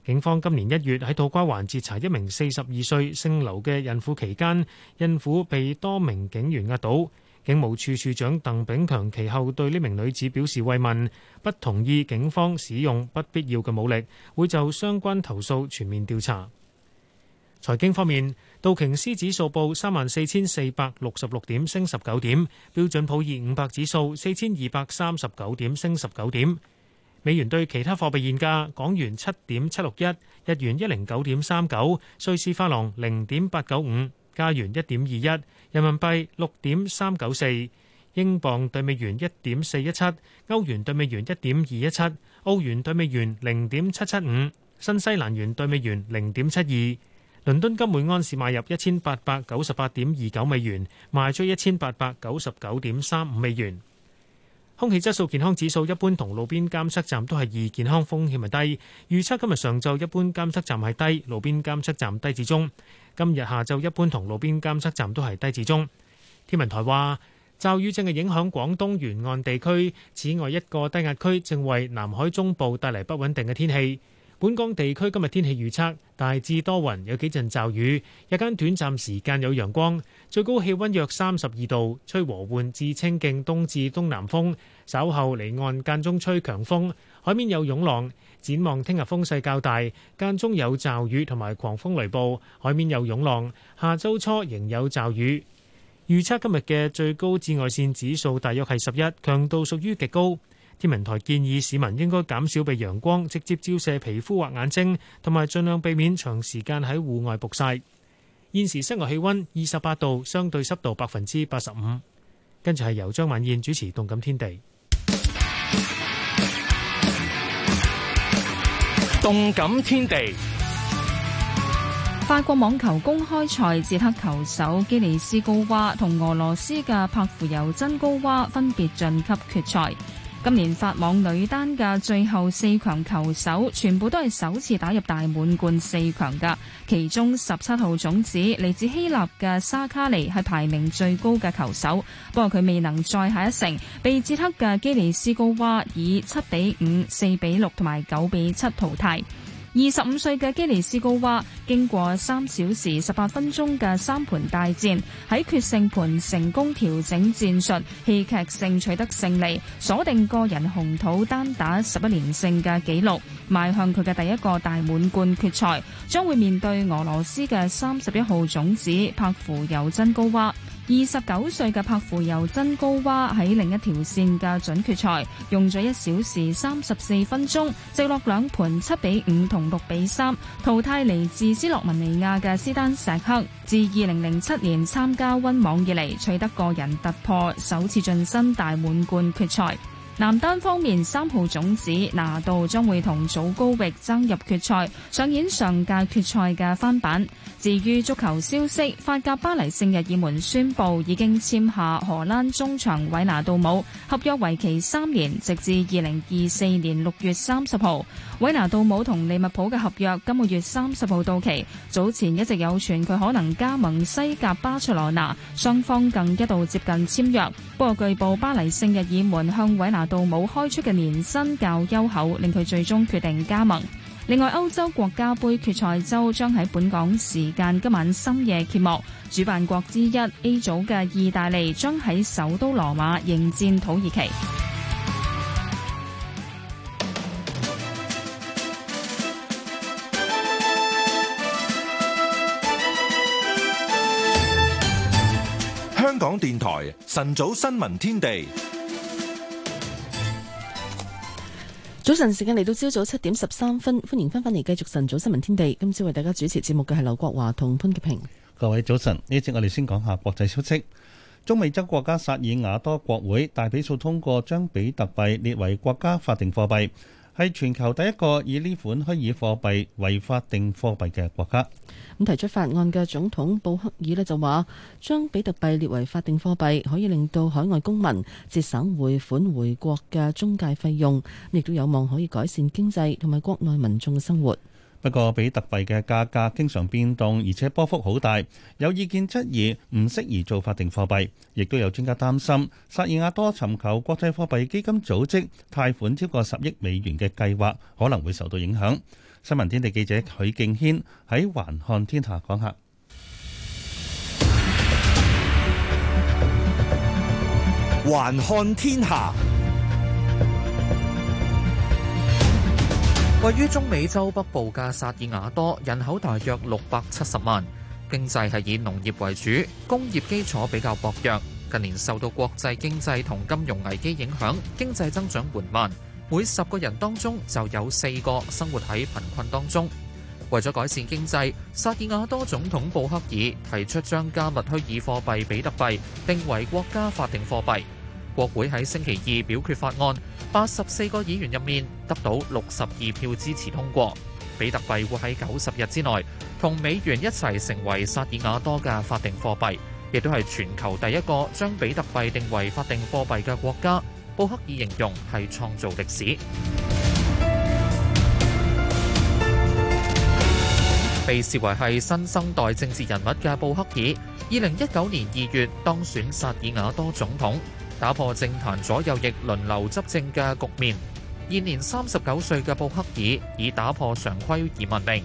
S7: 警方今年一月喺土瓜灣截查一名四十二歲姓劉嘅孕婦期間，孕婦被多名警員壓倒。警務處處長鄧炳強其後對呢名女子表示慰問，不同意警方使用不必要嘅武力，會就相關投訴全面調查。財經方面，道瓊斯指數報三萬四千四百六十六點，升十九點；標準普爾五百指數四千二百三十九點，升十九點。美元兌其他貨幣現價：港元七點七六一，日元一零九點三九，瑞士法郎零點八九五，加元一點二一，人民幣六點三九四，英鎊對美元一點四一七，歐元對美元一點二一七，澳元對美元零點七七五，新西蘭元對美元零點七二。倫敦金每盎司買入一千八百九十八點二九美元，賣出一千八百九十九點三五美元。空氣質素健康指數一般同路邊監測站都係二，健康風險係低，預測今日上晝一般監測站係低，路邊監測站低至中。今日下晝一般同路邊監測站都係低至中。天文台話，驟雨正係影響廣東沿岸地區，此外一個低壓區正為南海中部帶嚟不穩定嘅天氣。本港地區今日天氣預測，大致多雲，有幾陣驟雨，日間短暫時間有陽光，最高氣溫約三十二度，吹和緩至清勁東至東南風，稍後離岸間中吹強風，海面有湧浪。展望聽日風勢較大，間中有驟雨同埋狂風雷暴，海面有湧浪。下周初仍有驟雨。預測今日嘅最高紫外線指數大約係十一，強度屬於極高。天文台建議市民應該減少被陽光直接照射皮膚或眼睛，同埋盡量避免長時間喺戶外曝曬。現時室外氣温二十八度，相對濕度百分之八十五。跟住係由張曼燕主持《動感天地》。
S13: 動感天地。
S14: 法國網球公開賽捷克球手基尼斯高娃同俄羅斯嘅帕芙尤真高娃分別晉級決賽。今年法網女單嘅最後四強球手，全部都係首次打入大滿貫四強噶。其中十七號種子嚟自希臘嘅沙卡利係排名最高嘅球手，不過佢未能再下一城。被捷克嘅基尼斯高娃以七比五四比六同埋九比七淘汰。二十五歲嘅基尼斯高娃經過三小時十八分鐘嘅三盤大戰，喺決勝盤成功調整戰術，戲劇性取得勝利，鎖定個人紅土單打十一連勝嘅紀錄，邁向佢嘅第一個大滿貫決賽，將會面對俄羅斯嘅三十一號種子帕夫尤真高娃。二十九歲嘅柏芙尤真高娃喺另一條線嘅準決賽，用咗一小時三十四分鐘，直落兩盤七比五同六比三，淘汰嚟自斯洛文尼亞嘅斯丹石克。自二零零七年參加溫網以嚟，取得個人突破，首次晉身大滿貫決賽。男單方面，三號種子拿度將會同祖高域爭入決賽，上演上屆決賽嘅翻版。至於足球消息，法甲巴黎聖日耳門宣布已經簽下荷蘭中場韋拿杜姆，合約為期三年，直至二零二四年六月三十號。韋拿杜姆同利物浦嘅合約今個月三十號到期，早前一直有傳佢可能加盟西甲巴塞羅那，雙方更一度接近簽約。不過據報，巴黎聖日耳門向韋拿。杜冇開出嘅年薪較優厚，令佢最終決定加盟。另外，歐洲國家杯決賽周將喺本港時間今晚深夜揭幕，主辦國之一 A 組嘅意大利將喺首都羅馬迎戰土耳其。
S1: 香港電台晨早新聞天地。
S3: 早晨時間嚟，到朝早七點十三分，歡迎翻返嚟繼續晨早新聞天地。今朝為大家主持節目嘅係劉國華同潘潔平。
S4: 各位早晨，呢節我哋先講下國際消息。中美洲國家薩爾瓦多國會大比數通過，將比特幣列為國家法定貨幣，係全球第一個以呢款虛擬貨幣為法定貨幣嘅國家。
S3: 咁提出法案嘅總統布克爾呢就話，將比特幣列為法定貨幣，可以令到海外公民節省匯款回國嘅中介費用，亦都有望可以改善經濟同埋國內民眾
S4: 嘅生活。不過，比特幣嘅價格經常變動，而且波幅好大，有意見質疑唔適宜做法定貨幣，亦都有專家擔心薩爾瓦多尋求國際貨幣基金組織貸款超過十億美元嘅計劃可能會受到影響。新聞天地記者許敬軒喺環看天下講下，
S1: 環看天下。位於中美
S13: 洲北部嘅薩爾瓦多，人口大約六百七十萬，經濟係以農業為主，工業基礎比較薄弱，近年受到國際經濟同金融危機影響，經濟增長緩慢。每十個人當中就有四個生活喺貧困當中。為咗改善經濟，薩爾瓦多總統布克爾提出將加密虛擬貨幣比特幣定為國家法定貨幣。國會喺星期二表決法案，八十四個議員入面得到六十二票支持通過。比特幣會喺九十日之內同美元一齊成為薩爾瓦多嘅法定貨幣，亦都係全球第一個將比特幣定為法定貨幣嘅國家。布克爾形容係創造歷史，被視為係新生代政治人物嘅布克爾，二零一九年二月當選薩爾瓦多總統，打破政壇左右翼輪流執政嘅局面。現年三十九歲嘅布克爾以打破常規而聞名。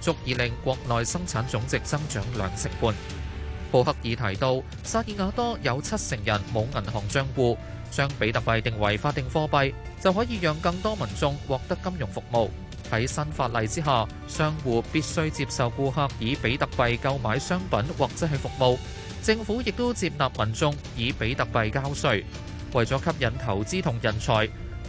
S13: 足以令國內生產總值增長兩成半。布克爾提到，薩爾瓦多有七成人冇銀行帳戶，將比特幣定為法定貨幣，就可以讓更多民眾獲得金融服務。喺新法例之下，商戶必須接受顧客以比特幣購買商品或者係服務。政府亦都接納民眾以比特幣交稅，為咗吸引投資同人才。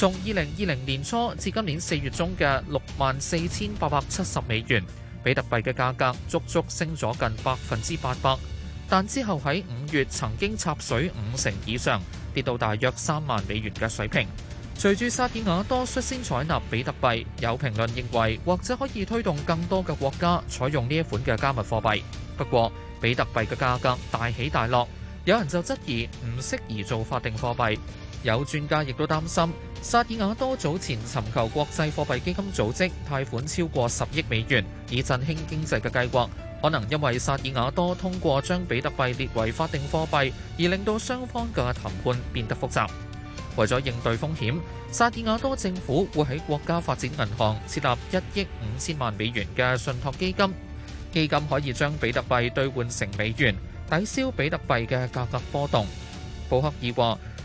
S13: 從二零二零年初至今年四月中嘅六萬四千八百七十美元，比特幣嘅價格足足升咗近百分之八百，但之後喺五月曾經插水五成以上，跌到大約三萬美元嘅水平。隨住薩爾瓦多率先採納比特幣，有評論認為或者可以推動更多嘅國家採用呢一款嘅加密貨幣。不過比特幣嘅價格大起大落，有人就質疑唔適宜做法定貨幣。有專家亦都擔心，薩爾瓦多早前尋求國際貨幣基金組織貸款超過十億美元，以振興經濟嘅計劃，可能因為薩爾瓦多通過將比特幣列為法定貨幣，而令到雙方嘅談判變得複雜。為咗應對風險，薩爾瓦多政府會喺國家發展銀行設立一億五千萬美元嘅信託基金，基金可以將比特幣兌換成美元，抵消比特幣嘅價格波動。布克爾話。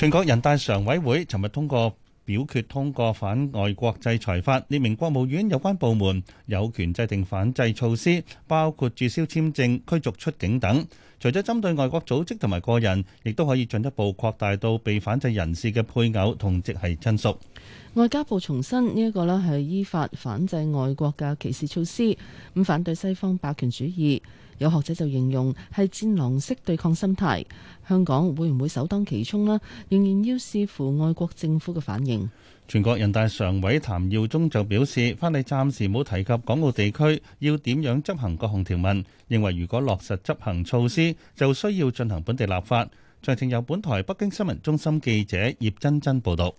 S4: 全國人大常委會尋日通過表決，通過反外國制裁法，列明國務院有關部門有權制定反制措施，包括註銷簽證、驅逐出境等。除咗針對外國組織同埋個人，亦都可以進一步擴大到被反制人士嘅配偶同直系親屬。
S3: 外交部重申呢一個呢係依法反制外國嘅歧視措施，咁反對西方霸權主義。有學者就形容係戰狼式對抗心態，香港會唔會首當其衝呢？仍然要視乎外國政府嘅反應。
S4: 全國人大常委譚耀宗就表示，翻嚟暫時冇提及港澳地區要點樣執行各項條文，認為如果落實執行措施，就需要進行本地立法。詳情由本台北京新聞中心記者葉珍珍報道。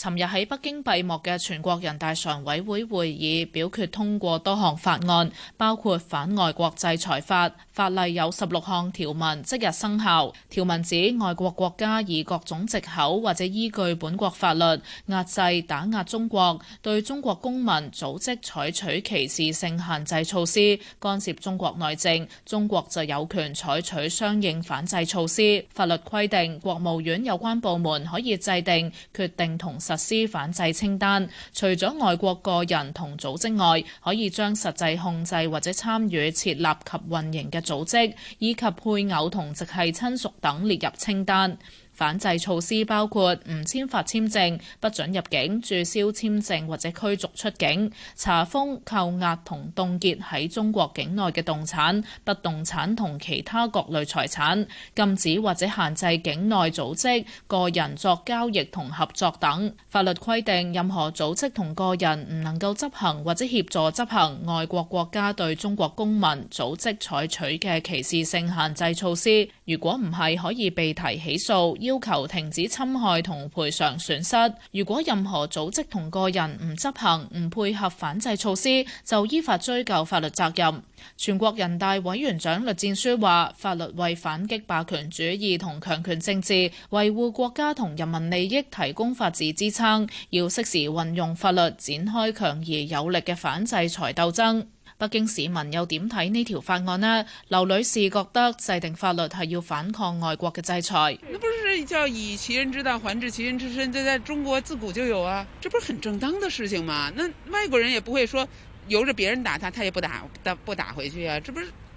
S15: 尋日喺北京閉幕嘅全國人大常委會會議，表決通過多項法案，包括反外國制裁法。法例有十六項條文，即日生效。條文指外國國家以各種藉口或者依據本國法律壓制、打壓中國，對中國公民組織採取歧視性限制措施，干涉中國內政，中國就有權採取相應反制措施。法律規定，國務院有關部門可以制定決定同實施反制清單，除咗外國個人同組織外，可以將實際控制或者參與設立及運營嘅組織，以及配偶同直系親屬等列入清單。反制措施包括唔簽發簽證、不准入境、註銷簽證或者驅逐出境、查封、扣押同凍結喺中國境內嘅動產、不動產同其他各類財產、禁止或者限制境內組織、個人作交易同合作等。法律規定，任何組織同個人唔能夠執行或者協助執行外國國家對中國公民、組織採取嘅歧視性限制措施，如果唔係，可以被提起訴。要求停止侵害同賠償損失。如果任何組織同個人唔執行、唔配合反制措施，就依法追究法律責任。全國人大委員長栗戰書話，法律為反擊霸權主義同強權政治、維護國家同人民利益提供法治支撐，要適時運用法律，展開強而有力嘅反制裁鬥爭。北京市民又點睇呢條法案呢？劉女士覺得制定法律係要反抗外國嘅制裁。
S13: 那不是叫以其人之道還治其人之身，這在中國自古就有啊！這不是很正當的事情嗎？那外國人也不會說由着別人打他，他也不打，不打不打回去啊。這不是。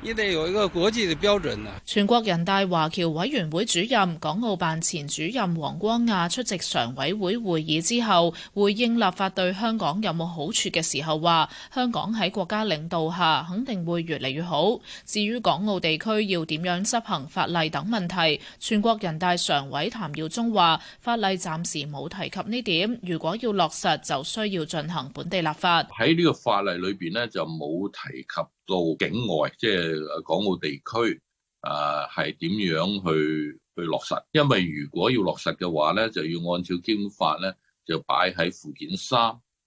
S4: 依度有一個國際的標準啊，
S15: 全國人大華僑委員會主任、港澳辦前主任王光亞出席常委會會議之後，回應立法對香港有冇好處嘅時候話，香港喺國家領導下肯定會越嚟越好。至於港澳地區要點樣執行法例等問題，全國人大常委譚耀宗話，法例暫時冇提及呢點，如果要落實就需要進行本地立法。喺
S1: 呢個法例裏邊咧，就冇提及。到境外，即係港澳地區，啊、呃，係點樣去去落實？因為如果要落實嘅話咧，就要按照基本法咧，就擺喺附件三，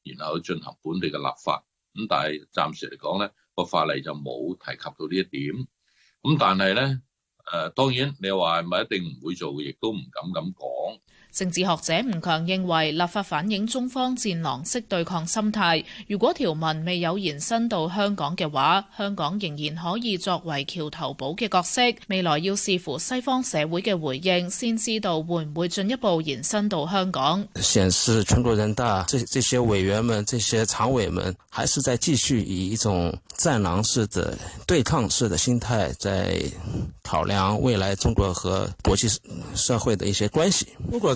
S1: 然後進行本地嘅立法。咁但係暫時嚟講咧，個法例就冇提及到呢一點。咁但係咧，誒、呃，當然你話係咪一定唔會做，亦都唔敢咁講。
S15: 政治學者吳強認為立法反映中方戰狼式對抗心態，如果條文未有延伸到香港嘅話，香港仍然可以作為橋頭堡嘅角色。未來要視乎西方社會嘅回應先知道會唔會進一步延伸到香港。
S7: 顯示全國人大這這些委員們這些常委們還是在繼續以一種戰狼式的對抗式的心態在考量未來中國和國際社會的一些關係。如果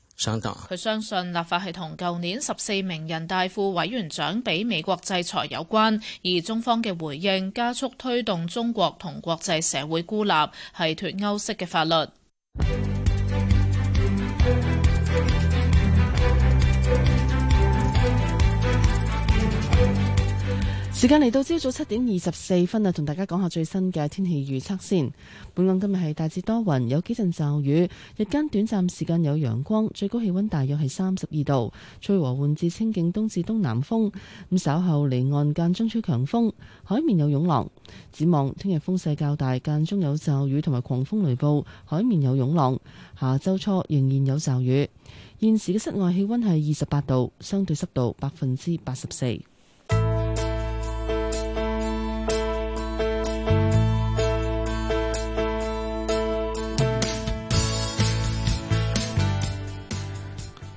S15: 佢相信立法係同舊年十四名人大副委員長畀美國制裁有關，而中方嘅回應加速推動中國同國際社會孤立，係脫歐式嘅法
S3: 律。時間嚟到朝早七點二十四分啊，同大家講下最新嘅天氣預測先。本港今日係大致多雲，有幾陣驟雨，日間短暫時間有陽光，最高氣溫大約係三十二度，吹和緩至清勁東至東南風。咁稍後離岸間中吹強風，海面有湧浪。展望聽日風勢較大，間中有驟雨同埋狂風雷暴，海面有湧浪。下周初仍然有驟雨。現時嘅室外氣溫係二十八度，相對濕度百分之八十四。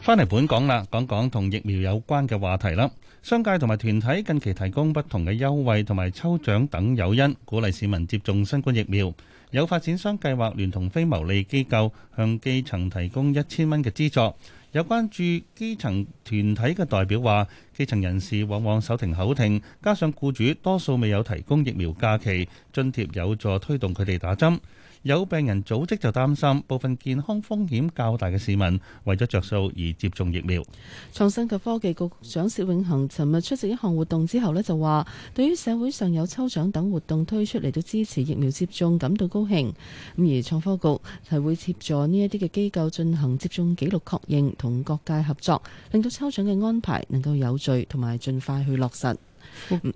S4: 返嚟本港啦，講講同疫苗有關嘅話題啦。商界同埋團體近期提供不同嘅優惠同埋抽獎等誘因，鼓勵市民接種新冠疫苗。有發展商計劃聯同非牟利機構向基層提供一千蚊嘅資助。有關注基層團體嘅代表話，基層人士往往手停口停，加上僱主多數未有提供疫苗假期津貼，有助推動佢哋打針。有病人組織就擔心部分健康風險較大嘅市民為咗着數而接種疫苗。
S3: 創新及科技局長薛永恒尋日出席一項活動之後呢，就話對於社會上有抽獎等活動推出嚟到支持疫苗接種感到高興。咁而創科局係會協助呢一啲嘅機構進行接種記錄確認，同各界合作，令到抽獎嘅安排能夠有序同埋盡快去落實。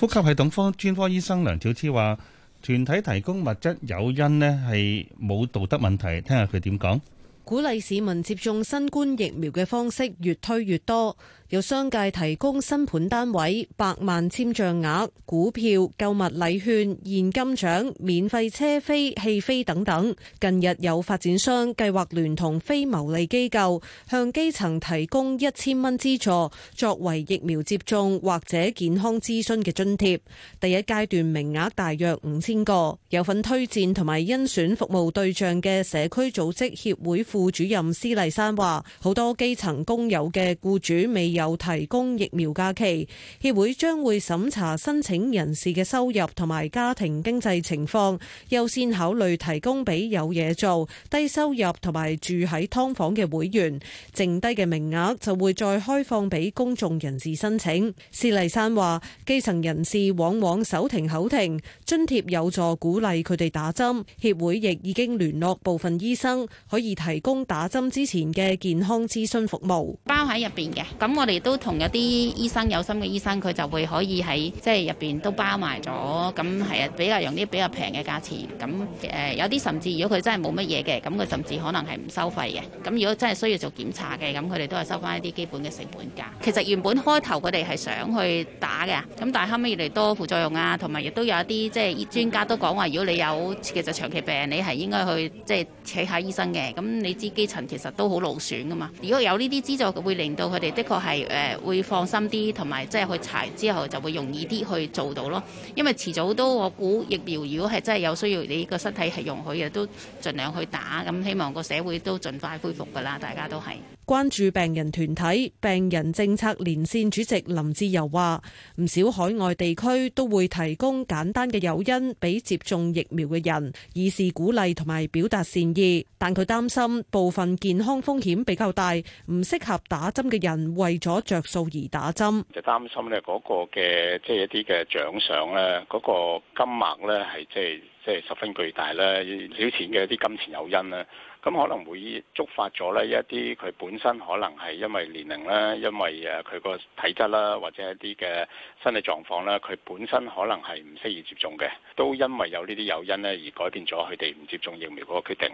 S4: 呼吸系統科專科醫生梁子超話。團體提供物質誘因咧，係冇道德問題。聽下佢點講，
S16: 鼓勵市民接種新冠疫苗嘅方式越推越多。有商界提供新盤單位、百萬簽賬額、股票、購物禮券、現金獎、免費車飛、戲飛等等。近日有發展商計劃聯同非牟利機構向基層提供一千蚊資助，作為疫苗接種或者健康諮詢嘅津貼。第一階段名額大約五千個。有份推薦同埋甄選服務對象嘅社區組織協會副主任施麗珊話，好多基層工友嘅僱主未有有提供疫苗假期，協會將會審查申請人士嘅收入同埋家庭經濟情況，優先考慮提供俾有嘢做、低收入同埋住喺劏房嘅會員，剩低嘅名額就會再開放俾公眾人士申請。施麗珊話：基層人士往往手停口停，津貼有助鼓勵佢哋打針。協會亦已經聯絡部分醫生，可以提供打針之前嘅健康諮詢服務，
S10: 包喺入邊嘅。咁我我哋都同有啲醫生，有心嘅醫生，佢就會可以喺即係入邊都包埋咗，咁係啊，比較用啲比較平嘅價錢。咁誒有啲甚至如果佢真係冇乜嘢嘅，咁佢甚至可能係唔收費嘅。咁如果真係需要做檢查嘅，咁佢哋都係收翻一啲基本嘅成本價。其實原本開頭佢哋係想去打嘅，咁但係後尾越嚟越多副作用啊，同埋亦都有一啲即係專家都講話，如果你有其實長期病，你係應該去即係取下醫生嘅。咁你知基層其實都好勞損㗎嘛。如果有呢啲資助，會令到佢哋的確係。係誒會放心啲，同埋即係去查之後就會容易啲去做到咯。因為遲早都我估疫苗，如果係真係有需要，你個身體係容許嘅，都盡量去打。咁希望個社會都盡快恢復㗎啦，大家都係。
S16: 關注病人團體、病人政策連線主席林志柔話：唔少海外地區都會提供簡單嘅誘因俾接種疫苗嘅人，以示鼓勵同埋表達善意。但佢擔心部分健康風險比較大，唔適合打針嘅人為咗着數而打針。
S17: 就擔心咧嗰個嘅即係一啲嘅獎賞咧，嗰個金額呢係即係即係十分巨大咧，少錢嘅一啲金錢誘因咧。咁可能會觸發咗呢一啲佢本身可能係因為年齡啦，因為誒佢個體質啦，或者一啲嘅身體狀況啦，佢本身可能係唔適宜接種嘅，都因為有呢啲誘因呢而改變咗佢哋唔接種疫苗嗰個決定，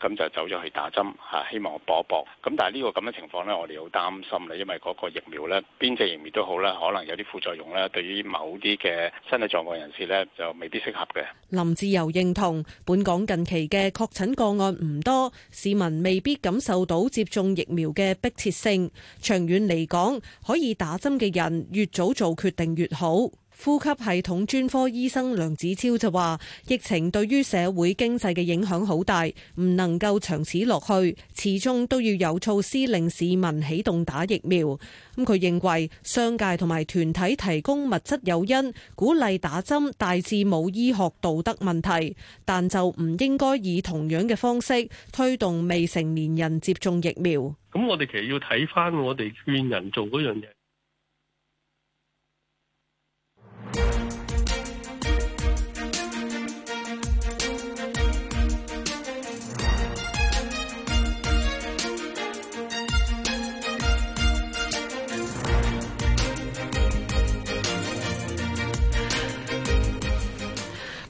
S17: 咁就走咗去打針嚇，希望搏一搏。咁但係呢個咁嘅情況呢，我哋好擔心啦，因為嗰個疫苗呢，邊隻疫苗都好啦，可能有啲副作用啦，對於某啲嘅身體狀況人士呢，就未必適合嘅。
S16: 林志由認同，本港近期嘅確診個案唔多。市民未必感受到接種疫苗嘅迫切性，長遠嚟講，可以打針嘅人越早做決定越好。呼吸系統專科醫生梁子超就話：疫情對於社會經濟嘅影響好大，唔能夠長此落去，始終都要有措施令市民啟動打疫苗。咁佢認為，商界同埋團體提供物質誘因，鼓勵打針，大致冇醫學道德問題，但就唔應該以同樣嘅方式推動未成年人接種疫苗。
S17: 咁我哋其實要睇翻我哋勸人做嗰樣嘢。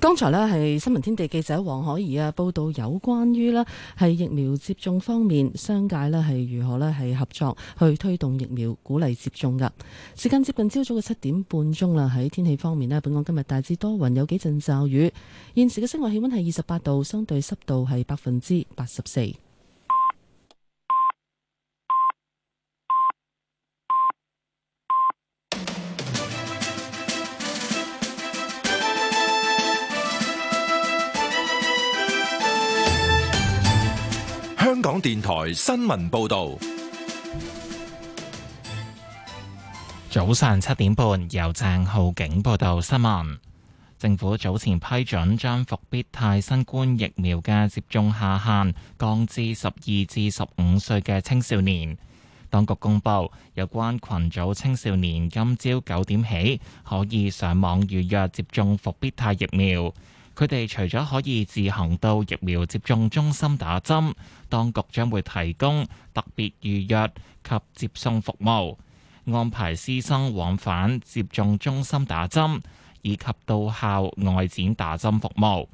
S3: 剛才咧係新聞天地記者黃可怡啊報道有關於咧係疫苗接種方面，商界咧係如何咧係合作去推動疫苗鼓勵接種噶。時間接近朝早嘅七點半鐘啦。喺天氣方面咧，本港今日大致多雲，有幾陣驟雨。現時嘅室外氣溫係二十八度，相對濕度係百分之八十四。
S1: 香港電台新聞報道，
S18: 早上七點半，由鄭浩景報道新聞。政府早前批准將復必泰新冠疫苗嘅接種下限降至十二至十五歲嘅青少年。當局公佈有關群組青少年今朝九點起可以上網預約接種復必泰疫苗。佢哋除咗可以自行到疫苗接種中心打針，當局將會提供特別預約及接送服務，安排師生往返接種中心打針，以及到校外展打針服務。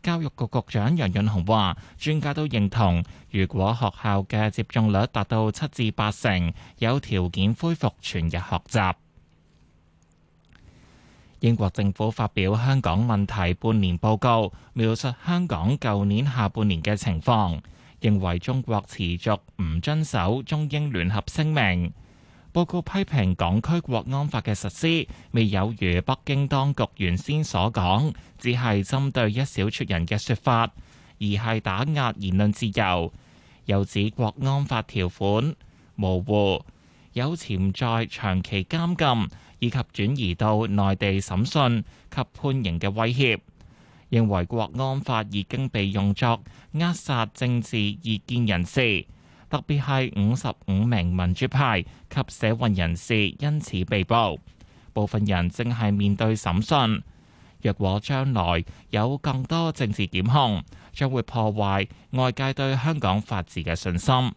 S18: 教育局局長楊潤雄話：專家都認同，如果學校嘅接種率達到七至八成，有條件恢復全日學習。英國政府發表香港問題半年報告，描述香港舊年下半年嘅情況，認為中國持續唔遵守中英聯合聲明。報告批評港區國安法嘅實施，未有如北京當局原先所講，只係針對一小撮人嘅説法，而係打壓言論自由。又指國安法條款模糊，有潛在長期監禁，以及轉移到內地審訊及判刑嘅威脅，認為國安法已經被用作扼殺政治意見人士，特別係五十五名民主派及社運人士因此被捕，部分人正係面對審訊。若果將來有更多政治檢控，將會破壞外界對香港法治嘅信心。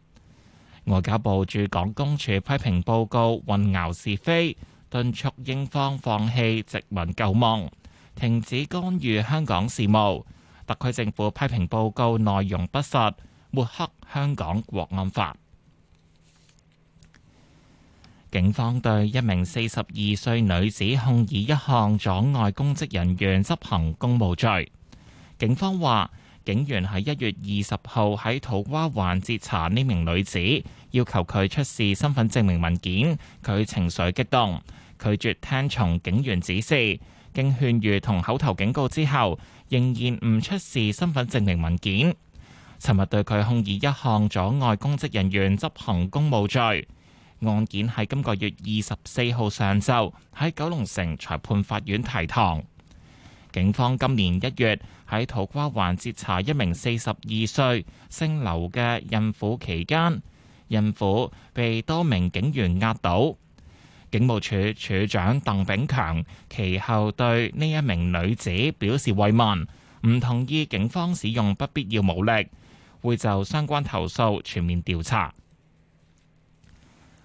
S18: 外交部駐港公署批評報告混淆是非。敦促英方放棄殖民舊夢，停止干預香港事務。特區政府批評報告內容不實，抹黑香港國安法。警方對一名四十二歲女子控以一項阻礙公職人員執行公務罪。警方話，警員喺一月二十號喺土瓜灣截查呢名女子，要求佢出示身份證明文件，佢情緒激動，拒絕聽從警員指示，經勸喻同口頭警告之後，仍然唔出示身份證明文件。尋日對佢控以一項阻礙公職人員執行公務罪。案件喺今個月二十四號上晝喺九龍城裁判法院提堂。警方今年一月喺土瓜灣截查一名四十二歲姓劉嘅孕婦期間，孕婦被多名警員壓倒。警務處處長鄧炳強其後對呢一名女子表示慰問，唔同意警方使用不必要武力，會就相關投訴全面調查。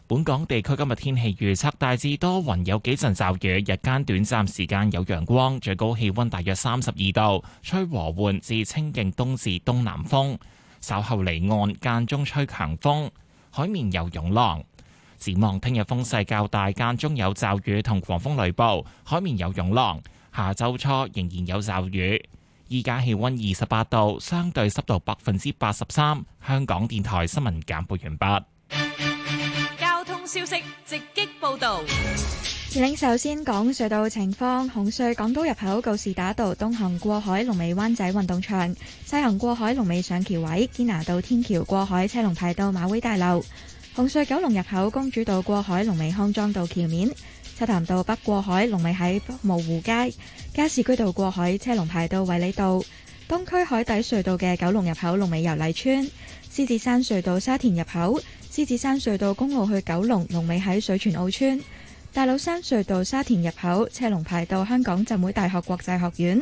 S18: 本港地區今日天氣預測大致多雲，有幾陣驟雨，日間短暫時間有陽光，最高氣温大約三十二度，吹和緩至清勁東至東南風，稍後離岸間中吹強風，海面有湧浪。展望聽日風勢較大，間中有驟雨同狂風雷暴，海面有湧浪。下周初仍然有驟雨。依家氣溫二十八度，相對濕度百分之八十三。香港電台新聞簡報完畢。
S10: 交通消息直擊報道。
S12: 前領首先講隧道情況，紅隧港島入口告士打道東行過海，龍尾灣仔運動場；西行過海，龍尾上橋位堅拿道天橋過海，車龍排到馬會大樓。紅隧九龍入口公主道過海龍尾康莊道橋面，七潭道北過海龍尾喺北蕪湖街，加士居道過海車龍排到衛理道。東區海底隧道嘅九龍入口龍尾油麗村，獅子山隧道沙田入口，獅子山隧道公路去九龍龍尾喺水泉澳村，大老山隧道沙田入口車龍排到香港浸會大學國際學院，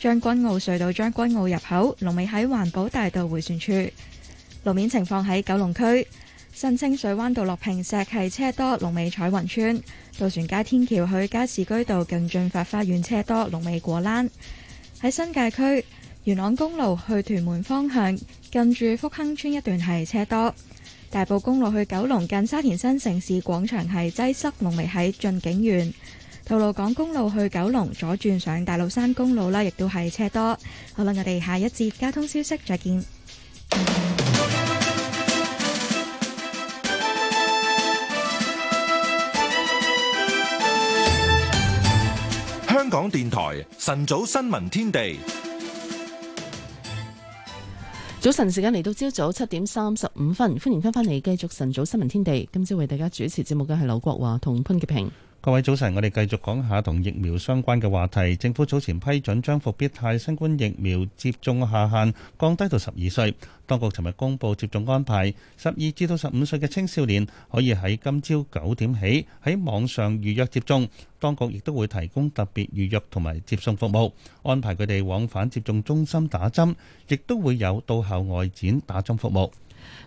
S12: 將軍澳隧道將軍澳入口龍尾喺環保大道回旋處。路面情況喺九龍區。新清水灣道落坪石係車多，龍尾彩雲村；渡船街天橋去加士居道近駿發花園車多，龍尾果欄。喺新界區，元朗公路去屯門方向近住福亨村一段係車多；大埔公路去九龍近沙田新城市廣場係擠塞龍，龍尾喺駿景園；吐露港公路去九龍左轉上大老山公路啦，亦都係車多。好啦，我哋下一節交通消息再見。
S1: 香港電台晨早新聞天地，
S3: 早晨時間嚟到朝早七點三十五分，歡迎翻返嚟繼續晨早新聞天地。今朝為大家主持節目嘅係劉國華同潘潔平。
S4: 各位早晨，我哋繼續講下同疫苗相關嘅話題。政府早前批准將復必泰新冠疫苗接種下限降低到十二歲，當局尋日公布接種安排，十二至到十五歲嘅青少年可以喺今朝九點起喺網上預約接種，當局亦都會提供特別預約同埋接送服務，安排佢哋往返接種中心打針，亦都會有到校外展打針服務。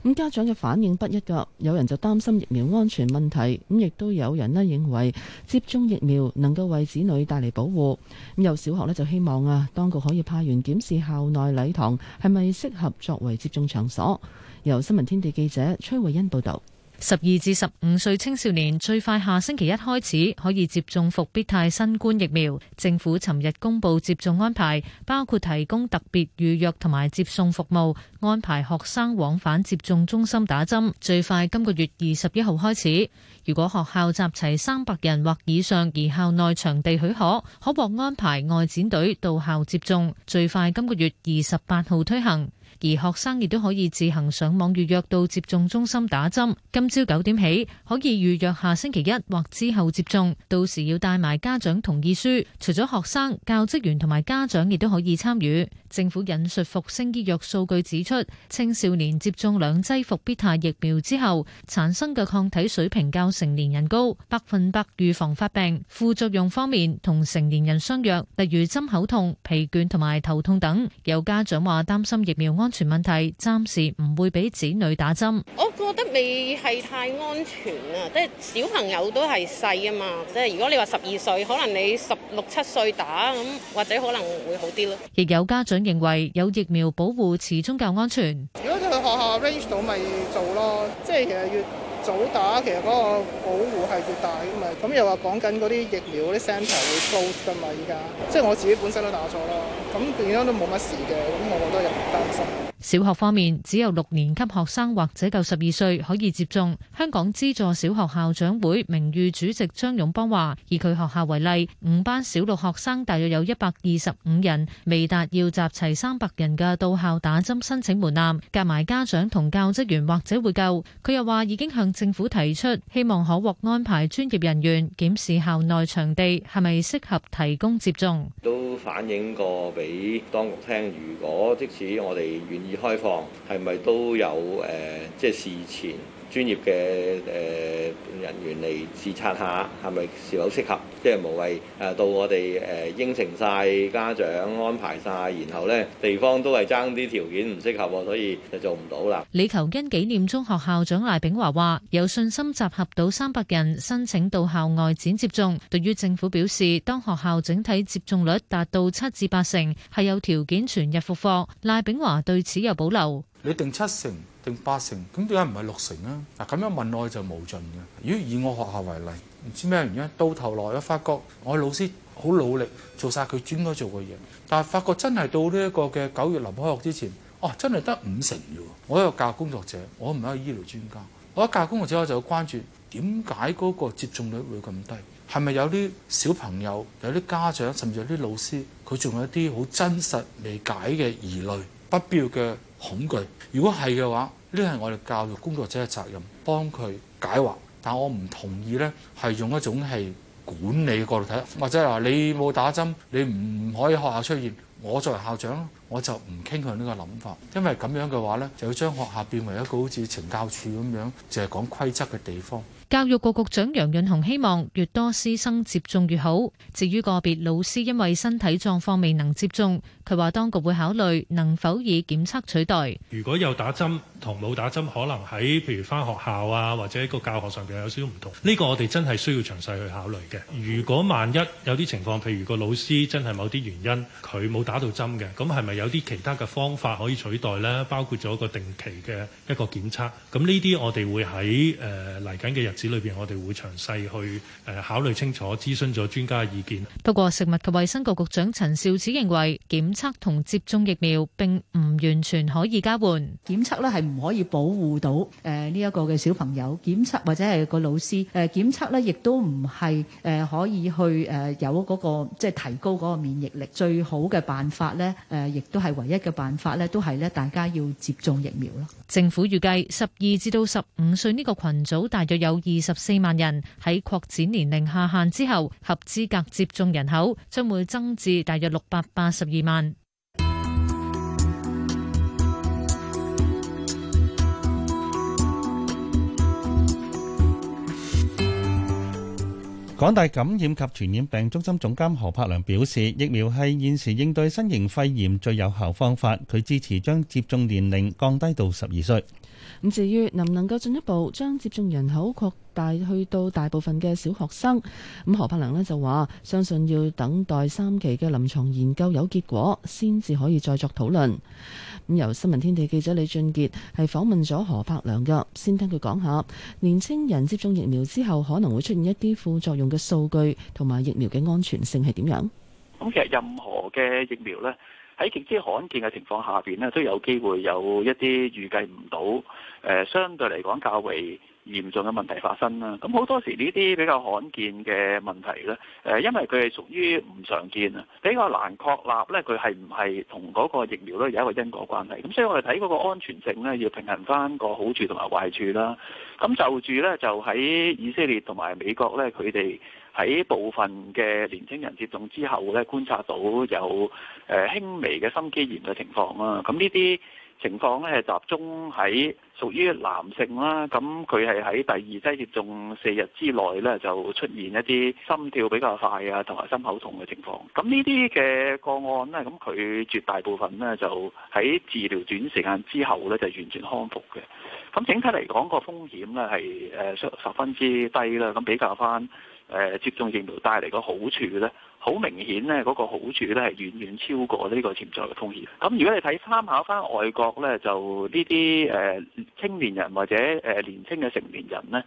S3: 咁家長嘅反應不一㗎，有人就擔心疫苗安全問題，咁亦都有人呢認為接種疫苗能夠為子女帶嚟保護。咁有小學呢，就希望啊，當局可以派員檢視校內禮堂係咪適合作為接種場所。由新聞天地記者崔慧欣報導。
S10: 十二至十五歲青少年最快下星期一開始可以接種復必泰新冠疫苗。政府尋日公布接種安排，包括提供特別預約同埋接送服務，安排學生往返接種中心打針。最快今個月二十一號開始。如果學校集齊三百人或以上，而校內場地許可，可獲安排外展隊到校接種。最快今個月二十八號推行。而學生亦都可以自行上網預約到接種中心打針。今朝九點起可以預約下星期一或之後接種，到時要帶埋家長同意書。除咗學生、教職員同埋家長，亦都可以參與。政府引述復星醫藥數據指出，青少年接種兩劑復必泰疫苗之後，產生嘅抗體水平較成年人高，百分百預防發病。副作用方面同成年人相若，例如針口痛、疲倦同埋頭痛等。有家長話擔心疫苗安全問題暫時唔會俾子女打針，
S16: 我覺得未係太安全啊，即係小朋友都係細啊嘛，即係如果你話十二歲，可能你十六七歲打咁，或者可能會好啲咯。
S10: 亦有家長認為有疫苗保護始終較安全。
S16: 如果你去學校 range 到咪做咯，即係其
S9: 實要。早打其實嗰個保護係越大嘅嘛，咁又話講緊嗰啲疫苗嗰啲 center 會 close 噶嘛，依家即係我自己本身都打咗啦，咁變相都冇乜事嘅，咁我覺得有啲
S10: 擔心。小學方面只有六年級學生或者夠十二歲可以接種。香港資助小學校長會名譽主席張勇邦話，以佢學校為例，五班小六學生大約有一百二十五人，未達要集齊三百人嘅到校打針申請門檻。夾埋家長同教職員或者會救，佢又話已經向政府提出，希望可獲安排專業人員檢視校內場地係咪適合提供接種。
S1: 都反映過俾當局聽，如果即使我哋願意。.開放係咪都有誒、呃，即係事前，專業嘅誒、呃、人員嚟視察下係咪是，是，是否適合，即係無謂誒、呃、到我哋誒應承晒家長安排晒。然後呢地方
S2: 都係爭啲條件唔適合，所以就做唔到啦。
S10: 李求恩紀念中學校，校長賴炳華話：有信心集合到三百人申請到校外展接種。對於政府表示，當學校整體接種率達到七至八成，係有條件全日復課，賴炳華對此有保留。
S7: 你定七成？定八成，咁點解唔係六成啊？嗱，咁樣問我就無盡嘅。如果以我學校為例，唔知咩原因，到頭來我發覺我老師好努力做晒佢應該做嘅嘢，但係發覺真係到呢一個嘅九月臨開學之前，哦、啊，真係得五成啫。我一個教育工作者，我唔係醫療專家，我做教育工作者我就關注點解嗰個接種率會咁低？係咪有啲小朋友、有啲家長甚至有啲老師，佢仲有一啲好真實未解嘅疑慮、不標嘅恐懼，如果係嘅話，呢係我哋教育工作者嘅責任，幫佢解惑。但我唔同意呢係用一種係管理嘅角度睇，或者話你冇打針，你唔可以學校出現。我作為校長，我就唔傾向呢個諗法，因為咁樣嘅話呢，就要將學校變為一個好似懲教署咁樣，就係講規則嘅地方。
S10: 教育局局長楊潤雄希望越多師生接種越好。至於個別老師因為身體狀況未能接種，佢話當局會考慮能否以檢測取代。
S7: 如果有打針同冇打針，可能喺譬如翻學校啊或者個教學上邊有少少唔同。呢個我哋真係需要詳細去考慮嘅。如果萬一有啲情況，譬如個老師真係某啲原因佢冇打到針嘅，咁係咪有啲其他嘅方法可以取代咧？包括咗一個定期嘅一個檢測。咁呢啲我哋會喺誒嚟緊嘅日。裏邊我哋會詳細去誒考慮清楚，諮詢咗專家嘅意見。
S10: 不過食物及衛生局局長陳肇始認為，檢測同接種疫苗並唔完全可以交換，檢測咧係唔可以保護到誒呢一個嘅小朋友，檢測或者係個老師誒檢測咧，亦都唔係誒可以去誒有嗰個即係提高嗰個免疫力。最好嘅辦法咧誒，亦都係唯一嘅辦法咧，都係咧大家要接種疫苗咯。政府預計十二至到十五歲呢個群組大約有。二十四萬人喺擴展年齡下限之後，合資格接種人口將會增至大約六百八十二萬。
S4: 港大感染及傳染病中心總監何柏良表示，疫苗係現時應對新型肺炎最有效方法。佢支持將接種年齡降低到十二歲。
S3: 咁至於能唔能夠進一步將接種人口擴大去到大部分嘅小學生，咁何柏良呢就話：相信要等待三期嘅臨床研究有結果，先至可以再作討論。咁由新聞天地記者李俊傑係訪問咗何柏良㗎，先聽佢講下年輕人接種疫苗之後可能會出現一啲副作用嘅數據，同埋疫苗嘅安全性係點樣？
S17: 咁其實任何嘅疫苗呢。」喺極之罕見嘅情況下邊咧，都有機會有一啲預計唔到，誒相對嚟講較為嚴重嘅問題發生啦。咁好多時呢啲比較罕見嘅問題咧，誒因為佢係屬於唔常見啊，比較難確立咧佢係唔係同嗰個疫苗咧有一個因果關係。咁所以我哋睇嗰個安全性咧，要平衡返個好處同埋壞處啦。咁就住咧就喺以色列同埋美國咧，佢哋。喺部分嘅年青人接種之後咧，觀察到有誒輕微嘅心肌炎嘅情況啦。咁呢啲情況咧係集中喺屬於男性啦。咁佢係喺第二劑接種四日之內咧，就出現一啲心跳比較快啊，同埋心口痛嘅情況。咁呢啲嘅個案咧，咁佢絕大部分咧就喺治療短時間之後咧就完全康復嘅。咁整體嚟講，個風險咧係誒十十分之低啦。咁比較返。誒接種疫苗帶嚟嘅好處咧，好明顯咧，嗰個好處咧係遠遠超過呢個潛在嘅風險。咁如果你睇參考返外國咧，就呢啲誒青年人或者誒、呃、年青嘅成年人咧，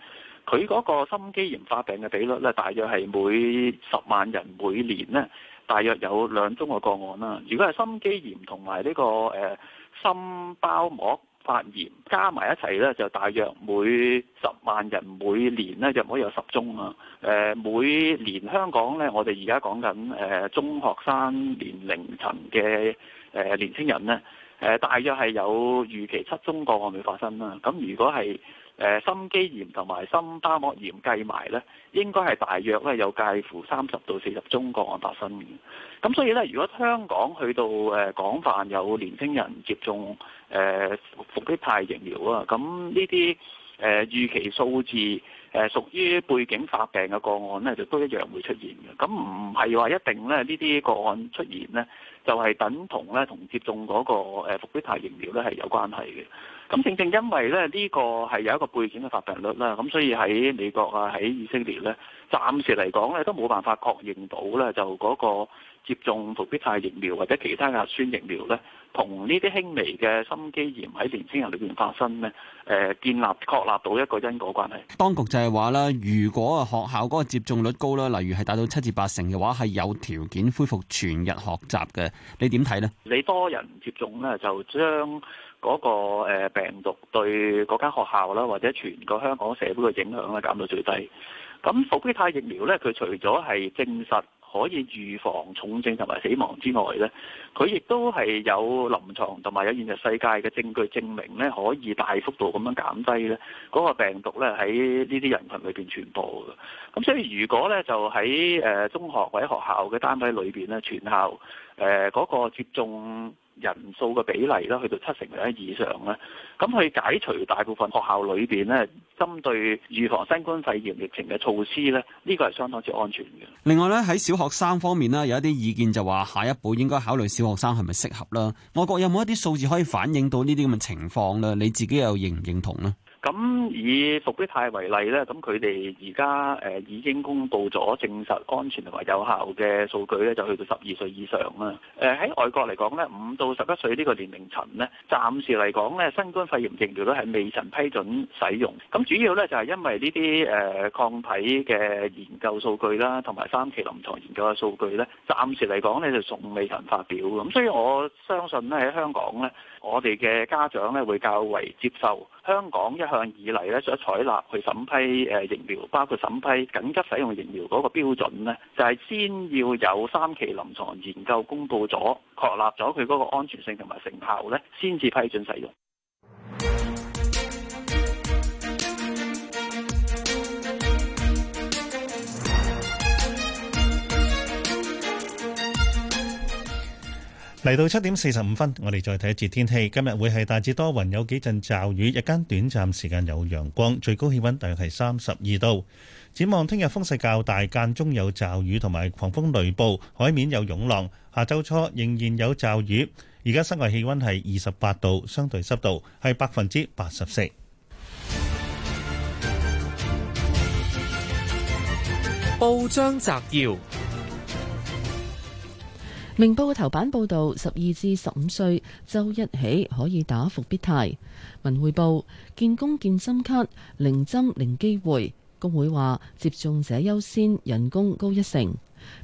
S17: 佢嗰個心肌炎發病嘅比率咧，大約係每十萬人每年咧，大約有兩宗嘅個案啦。如果係心肌炎同埋呢個誒、呃、心包膜。發炎加埋一齊咧，就大約每十萬人每年咧就可以有十宗啊！誒，每年香港咧，我哋而家講緊誒中學生年齡層嘅誒年輕人咧，誒大約係有預期七宗個案會發生啦。咁如果係，誒心肌炎同埋心包膜炎計埋呢，應該係大約咧有介乎三十到四十宗個案發生嘅。咁所以呢，如果香港去到誒廣、呃、泛有年青人接種誒復必泰疫苗啊，咁呢啲誒預期數字誒、呃、屬於背景發病嘅個案呢，就都一樣會出現嘅。咁唔係話一定咧呢啲個案出現呢，就係等同咧，同接種嗰個復必泰疫苗咧係有關係嘅。咁正正因為咧呢個係有一個背景嘅發病率啦，咁所以喺美國啊，喺以色列咧，暫時嚟講咧都冇辦法確認到咧就嗰個接種復必泰疫苗或者其他嘅核酸疫苗咧，同呢啲輕微嘅心肌炎喺年輕人裏邊發生咧，誒建立確立到一個因
S18: 果關係。當局就係話咧，如果學校嗰個接種率高啦，例如係達到七至八成嘅話，係有條件恢復全日學習嘅。你點睇呢？
S17: 你多人接種呢，就將嗰個誒病毒對嗰間學校啦，或者全個香港社會嘅影響咧減到最低。咁復必泰疫苗呢，佢除咗係證實可以預防重症同埋死亡之外呢，佢亦都係有臨床同埋有現實世界嘅證據證明呢，可以大幅度咁樣減低呢嗰個病毒呢喺呢啲人群裏邊傳播。咁所以如果呢就喺誒、呃、中學或者學校嘅單位裏邊呢，全校誒嗰、呃嗰個接種。人數嘅比例咧，去到七成咧以上咧，咁去解除大部分學校裏邊咧，針對預防新冠肺炎疫情嘅措施咧，呢個係相當之安全嘅。
S18: 另外咧，喺小學生方面咧，有一啲意見就話下一步應該考慮小學生係咪適合啦。外國有冇一啲數字可以反映到呢啲咁嘅情況咧？你自己又認唔認同咧？
S17: 咁以復必泰為例咧，咁佢哋而家誒已經公布咗證實安全同埋有，有效嘅數據咧，就去到十二歲以上啦。誒、呃、喺外國嚟講咧，五到十一歲呢個年齡層咧，暫時嚟講咧，新冠肺炎疫苗都係未曾批准使用。咁主要咧就係、是、因為呢啲誒抗體嘅研究數據啦，同埋三期臨床研究嘅數據咧，暫時嚟講咧就仲未曾發表。咁所以我相信咧喺香港咧。我哋嘅家長咧會較為接受。香港一向以嚟咧，想採納去審批誒疫苗，包括審批緊急使用疫苗嗰個標準咧，就係先要有三期臨床研究公佈咗，確立咗佢嗰個安全性同埋成效咧，先至批准使用。
S4: 嚟到七點四十五分，我哋再睇一次天氣。今日會係大致多雲，有幾陣驟雨，日間短暫時間有陽光，最高氣溫大約係三十二度。展望聽日風勢較大，間中有驟雨同埋狂風雷暴，海面有湧浪。下週初仍然有驟雨。而家室外氣溫係二十八度，相對濕度係百分之八十四。報章摘要。
S3: 明報嘅頭版報道，十二至十五歲周一起可以打復必泰。文匯報建工建心卡，零針零機會。公會話接種者優先，人工高一成。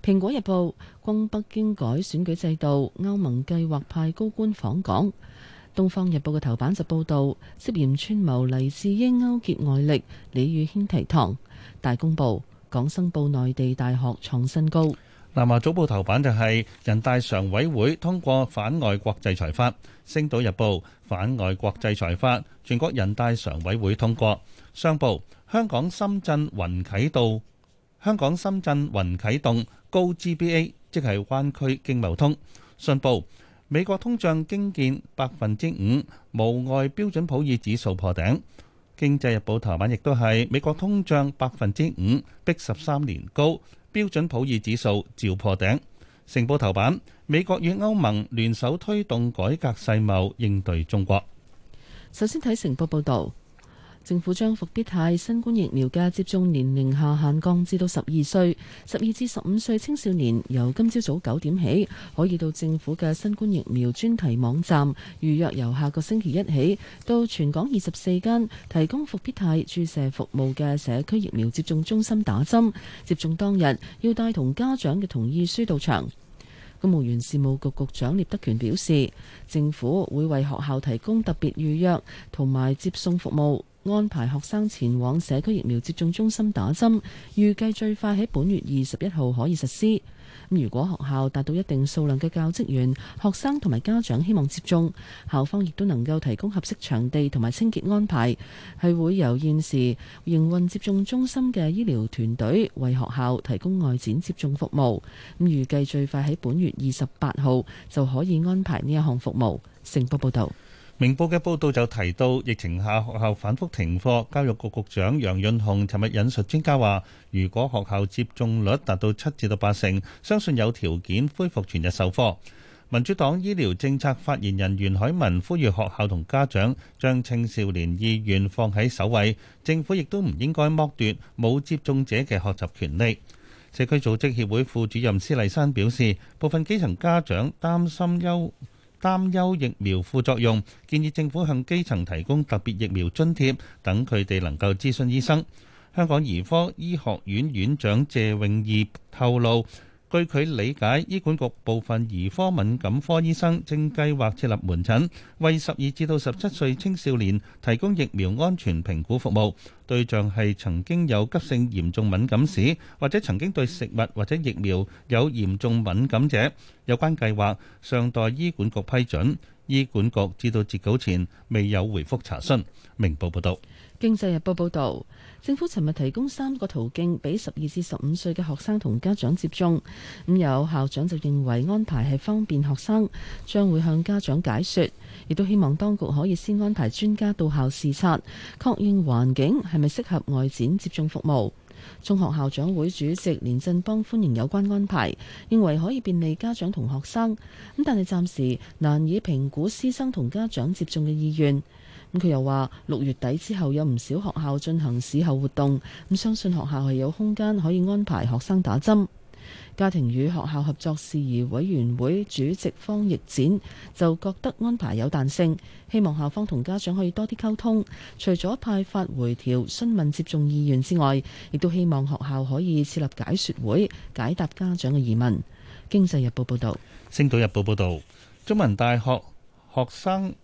S3: 蘋果日報光北京改選舉制度，歐盟計劃派高官訪港。東方日報嘅頭版就報道，涉嫌串謀黎智英勾結外力，李宇軒提堂。大公報港生報內地大學創新高。
S4: 南華早報頭版就係人大常委會通過反外國制裁法，星島日報反外國制裁法全國人大常委會通過，商報香港深圳雲啟動，香港深圳雲啟動高 G B A 即係灣區經貿通，信報美國通脹驚見百分之五，無礙標準普爾指數破頂，經濟日報頭版亦都係美國通脹百分之五，逼十三年高。標準普爾指數照破頂。成報頭版：美國與歐盟聯手推動改革世貿，應對中國。
S3: 首先睇成報報道。政府將復必泰新冠疫苗嘅接種年齡下限降至到十二歲，十二至十五歲青少年由今朝早九點起可以到政府嘅新冠疫苗專題網站預約，由下個星期一起到全港二十四間提供復必泰注射服務嘅社區疫苗接種中心打針。接種當日要帶同家長嘅同意書到場。公務員事務局局局長聶德權表示，政府會為學校提供特別預約同埋接送服務。安排學生前往社區疫苗接種中心打針，預計最快喺本月二十一號可以實施。如果學校達到一定數量嘅教職員、學生同埋家長希望接種，校方亦都能夠提供合適場地同埋清潔安排，係會由現時營運接種中心嘅醫療團隊為學校提供外展接種服務。咁預計最快喺本月二十八號就可以安排呢一項服務。《成報》報道。
S4: 明報嘅報道就提到，疫情下學校反覆停課，教育局局長楊潤雄尋日引述專家話，如果學校接種率達到七至到八成，相信有條件恢復全日授課。民主黨醫療政策發言人袁海文呼籲學校同家長將青少年意願放喺首位，政府亦都唔應該剝奪冇接種者嘅學習權利。社區組織協會副主任施麗珊表示，部分基層家長擔心休。擔憂疫苗副作用，建議政府向基層提供特別疫苗津貼，等佢哋能夠諮詢醫生。香港兒科醫學院院長謝永業透露。據佢理解，醫管局部分兒科敏感科醫生正計劃設立門診，為十二至到十七歲青少年提供疫苗安全評估服務。對象係曾經有急性嚴重敏感史，或者曾經對食物或者疫苗有嚴重敏感者。有關計劃尚待醫管局批准。醫管局至到截稿前未有回覆查詢。明報報道。
S3: 《經濟日報》報道。政府尋日提供三個途徑俾十二至十五歲嘅學生同家長接種，咁有校長就認為安排係方便學生，將會向家長解説，亦都希望當局可以先安排專家到校視察，確認環境係咪適合外展接種服務。中學校長會主席連振邦歡迎有關安排，認為可以便利家長同學生，咁但係暫時難以評估師生同家長接種嘅意願。佢又話：六月底之後有唔少學校進行試後活動，咁相信學校係有空間可以安排學生打針。家庭與學校合作事宜委員會主席方奕展就覺得安排有彈性，希望校方同家長可以多啲溝通。除咗派發回條詢問接種意願之外，亦都希望學校可以設立解說會解答家長嘅疑
S4: 問。經濟日報報道。《星島日報》報道，中文大學學生。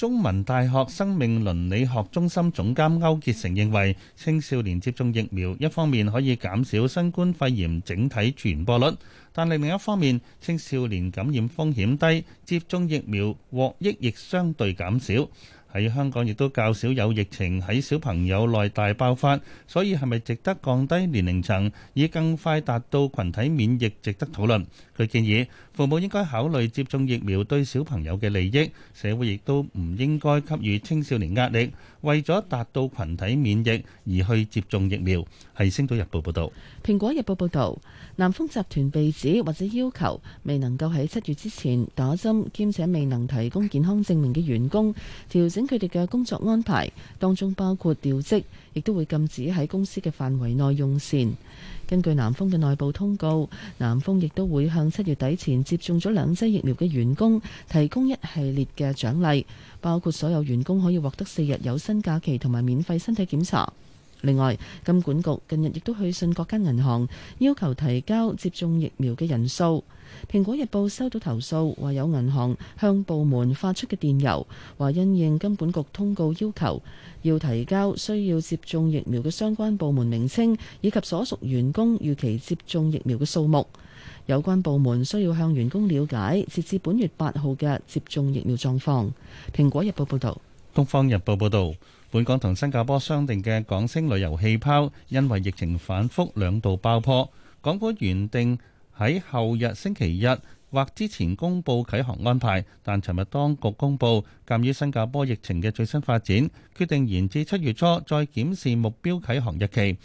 S4: 中文大學生命倫理學中心總監歐傑成認為，青少年接種疫苗一方面可以減少新冠肺炎整體傳播率，但另一方面，青少年感染風險低，接種疫苗獲益亦相對減少。喺香港亦都較少有疫情喺小朋友內大爆發，所以係咪值得降低年齡層以更快達到群體免疫值得討論。佢建議父母應該考慮接種疫苗對小朋友嘅利益，社會亦都唔應該給予青少年壓力，為咗達到群體免疫而去接種疫苗。係《星島日報》報導，
S3: 《蘋果日報》報導。南豐集團被指或者要求未能夠喺七月之前打針，兼且未能提供健康證明嘅員工調整佢哋嘅工作安排，當中包括調職，亦都會禁止喺公司嘅範圍內用膳。根據南豐嘅內部通告，南豐亦都會向七月底前接種咗兩劑疫苗嘅員工提供一系列嘅獎勵，包括所有員工可以獲得四日有薪假期同埋免費身體檢查。另外，金管局近日亦都去信各家銀行，要求提交接種疫苗嘅人數，蘋果日報收到投訴話有銀行向部門發出嘅電郵話因應金管局通告要求，要提交需要接種疫苗嘅相關部門名稱以及所屬員工預期接種疫苗嘅數目。有關部門需要向員工了解截至本月八號嘅接種疫苗狀況，蘋果日報報道，
S4: 東方日報報道。本港同新加坡商定嘅港星旅遊氣泡，因為疫情反復兩度爆破，港府原定喺後日星期日或之前公布啟航安排，但尋日當局公布，鑒於新加坡疫情嘅最新發展，決定延至七月初再檢視目標啟航日期。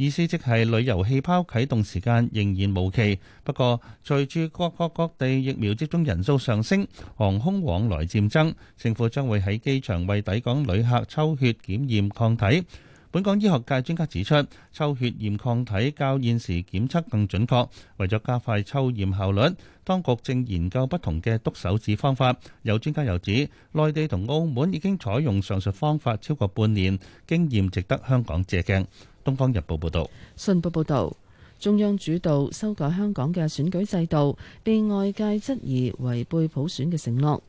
S4: 意思即係旅遊氣泡啟動時間仍然無期，不過隨住各國各地疫苗接種人數上升，航空往來漸增，政府將會喺機場為抵港旅客抽血檢驗抗體。本港醫學界專家指出，抽血驗抗體較現時檢測更準確。為咗加快抽驗效率，當局正研究不同嘅篤手指方法。有專家又指，內地同澳門已經採用上述方法超過半年，經驗值得香港借鏡。《東方日報》報道。
S3: 《信報》報導，中央主導修改香港嘅選舉制度，被外界質疑違背普選嘅承諾。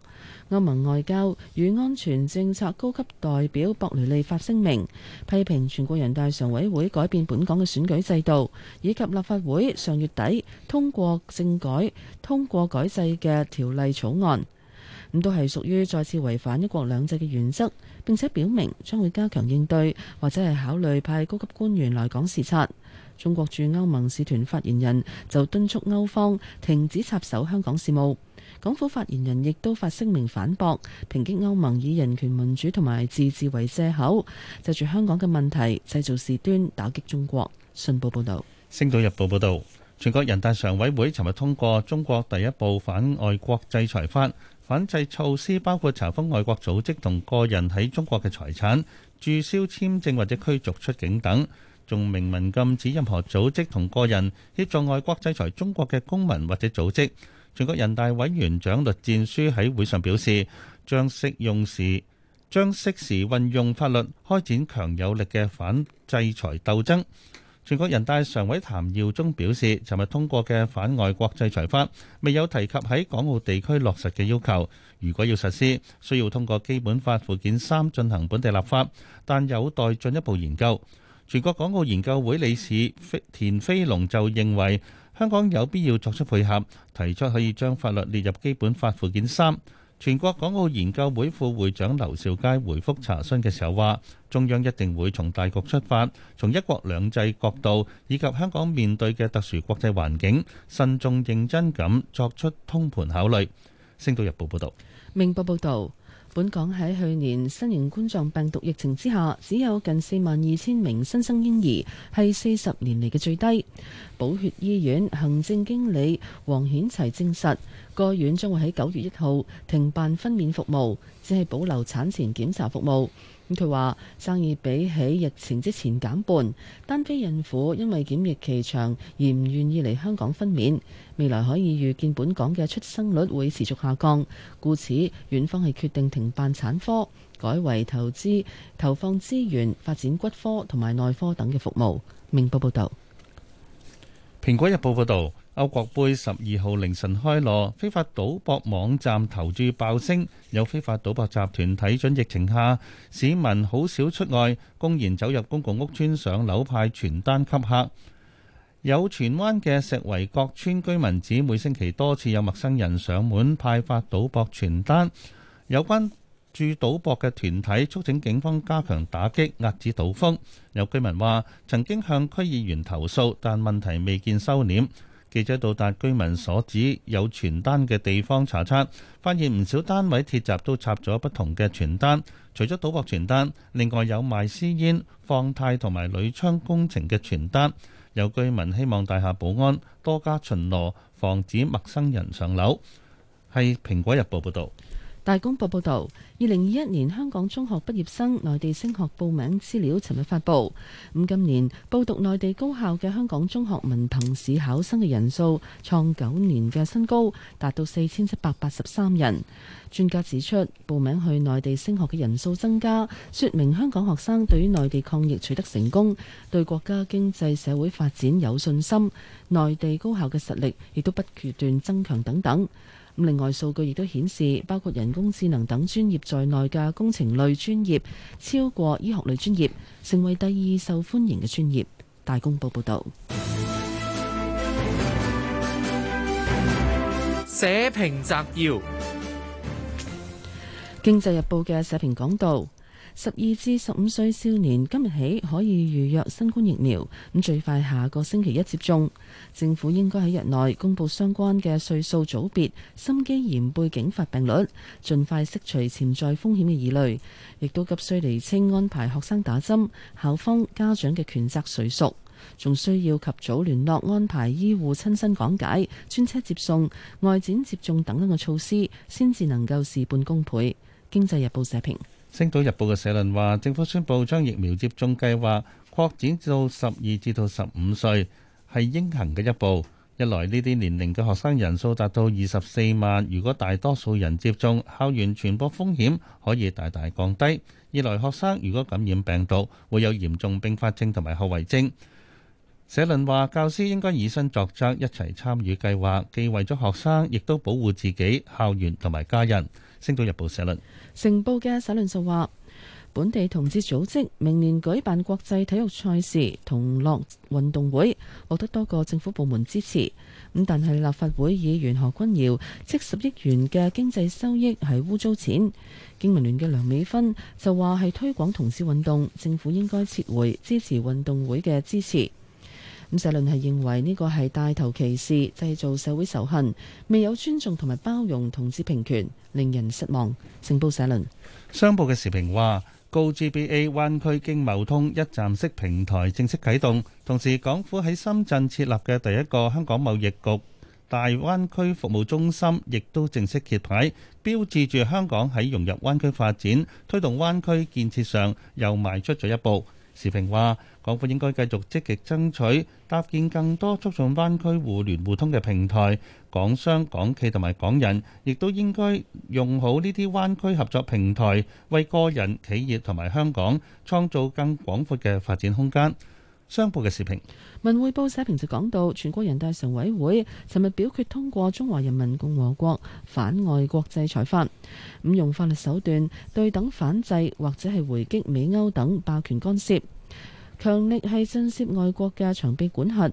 S3: 歐盟外交與安全政策高級代表博雷利發聲明，批評全國人大常委會改變本港嘅選舉制度，以及立法會上月底通過政改通過改制嘅條例草案，咁都係屬於再次違反一國兩制嘅原則。並且表明將會加強應對，或者係考慮派高級官員來港視察。中國駐歐盟使團發言人就敦促歐方停止插手香港事務。港府發言人亦都發聲明反駁，抨擊歐盟以人權民主同埋自治為借口，就住香港嘅問題製造事端，打擊中國。信報報道。
S4: 《星島日報》報道，全國人大常委會尋日通過中國第一部反外國制裁法。反制措施包括查封外國組織同個人喺中國嘅財產、註銷簽證或者驅逐出境等，仲明文禁止任何組織同個人協助外國制裁中國嘅公民或者組織。全國人大委員長栗戰書喺會上表示，將適用時將適時運用法律，開展強有力嘅反制裁鬥爭。全國人大常委譚耀宗表示，尋日通過嘅反外國制裁法未有提及喺港澳地區落實嘅要求。如果要實施，需要通過基本法附件三進行本地立法，但有待進一步研究。全國港澳研究會理事田飛龍就認為，香港有必要作出配合，提出可以將法律列入基本法附件三。全國港澳研究會副會長劉兆佳回覆查詢嘅時候話：中央一定會從大局出發，從一國兩制角度以及香港面對嘅特殊國際環境，慎重認真咁作出通盤考慮。星島日報報道，
S3: 明報報道。本港喺去年新型冠狀病毒疫情之下，只有近四萬二千名新生嬰兒，係四十年嚟嘅最低。寶血醫院行政經理黃顯齊證實，該院將會喺九月一號停辦分娩服務，只係保留產前檢查服務。佢話生意比起疫情之前減半，單非孕婦因為檢疫期長而唔願意嚟香港分娩，未來可以預見本港嘅出生率會持續下降，故此院方係決定停辦產科，改為投資投放資源發展骨科同埋內科等嘅服務。明報報導。
S4: 蘋果日報報導。歐國盃十二號凌晨開鑼，非法賭博網站投注爆升，有非法賭博集團睇準疫情下市民好少出外，公然走入公共屋邨上樓派傳單吸客。有荃灣嘅石圍角邨居民指，每星期多次有陌生人上門派發賭博傳單。有關注賭博嘅團體促請警方加強打擊，遏止賭風。有居民話曾經向區議員投訴，但問題未見收斂。記者到達居民所指有傳單嘅地方查測，發現唔少單位鐵閘都插咗不同嘅傳單，除咗賭博傳單，另外有賣私煙、放貸同埋鋁窗工程嘅傳單。有居民希望大廈保安多加巡邏，防止陌生人上樓。係《蘋果日報》報道。
S3: 大公報報導，二零二一年香港中學畢業生內地升學報名資料，尋日發布。咁今年報讀內地高校嘅香港中學文憑試考生嘅人數創九年嘅新高，達到四千七百八十三人。專家指出，報名去內地升學嘅人數增加，說明香港學生對於內地抗疫取得成功、對國家經濟社會發展有信心、內地高校嘅實力亦都不斷增強等等。咁另外，數據亦都顯示，包括人工智能等專業在內嘅工程類專業，超過醫學類專業，成為第二受歡迎嘅專業。大公報報導。社評摘要，《經濟日報》嘅社評講道，十二至十五歲少年今日起可以預約新冠疫苗，咁最快下個星期一接種。政府應該喺日內公佈相關嘅歲數組別心肌炎背景發病率，盡快釋除潛在風險嘅疑慮，亦都急需釐清安排學生打針校方家長嘅權責誰屬，仲需要及早聯絡安排醫護親身講解、專車接送、外展接種等等嘅措施，先至能夠事半功倍。經濟日報社評，
S4: 《星島日報》嘅社論話：政府宣布將疫苗接種計劃擴展到十二至到十五歲。係應行嘅一步。一來，呢啲年齡嘅學生人數達到二十四萬，如果大多數人接種，校園傳播風險可以大大降低。二來，學生如果感染病毒，會有嚴重併發症同埋後遺症。社論話，教師應該以身作則，一齊參與計劃，既為咗學生，亦都保護自己、校園同埋家人。星島日報社論，
S3: 成報嘅社論就話。本地同志組織明年舉辦國際體育賽事同樂運動會，獲得多個政府部門支持。咁，但係立法會議員何君堯即十億元嘅經濟收益係污糟錢。經民聯嘅梁美芬就話係推廣同志運動，政府應該撤回支持運動會嘅支持。咁，社論係認為呢個係帶頭歧視，製造社會仇恨，未有尊重同埋包容同志平權，令人失望。
S4: 成報社論、商報嘅時評話。高 G B A 灣區經貿通一站式平台正式啟動，同時港府喺深圳設立嘅第一個香港貿易局大灣區服務中心亦都正式揭牌，標誌住香港喺融入灣區發展、推動灣區建設上又邁出咗一步。時評話：港府應該繼續積極爭取搭建更多促進灣區互聯互通嘅平台，港商、港企同埋港人亦都應該用好呢啲灣區合作平台，為個人、企業同埋香港創造更廣闊嘅發展空間。商報嘅視頻，
S3: 文匯報社評就講到，全國人大常委會尋日表決通過《中華人民共和國反外國制裁法》，咁用法律手段對等反制或者係回擊美歐等霸權干涉，強力係震懾外國嘅長臂管轄、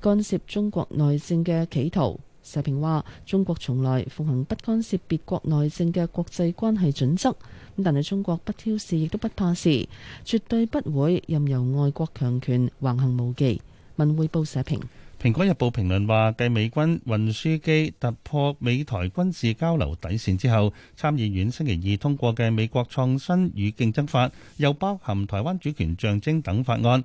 S3: 干涉中國內政嘅企圖。社評話：中國從來奉行不干涉別國內政嘅國際關係準則。但係中國不挑事亦都不怕事，絕對不會任由外國強權橫行無忌。文匯報社評。
S4: 《蘋果日報》評論話，繼美軍運輸機突破美台軍事交流底線之後，參議院星期二通過嘅美國創新與競爭法，又包含台灣主權象徵等法案。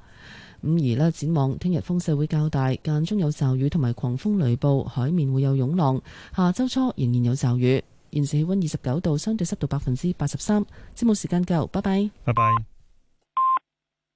S3: 五而咧展望，聽日風勢會較大，間中有驟雨同埋狂風雷暴，海面會有湧浪。下周初仍然有驟雨。現時氣溫二十九度，相對濕度百分之八十三。節目時間夠，拜拜。
S4: 拜拜。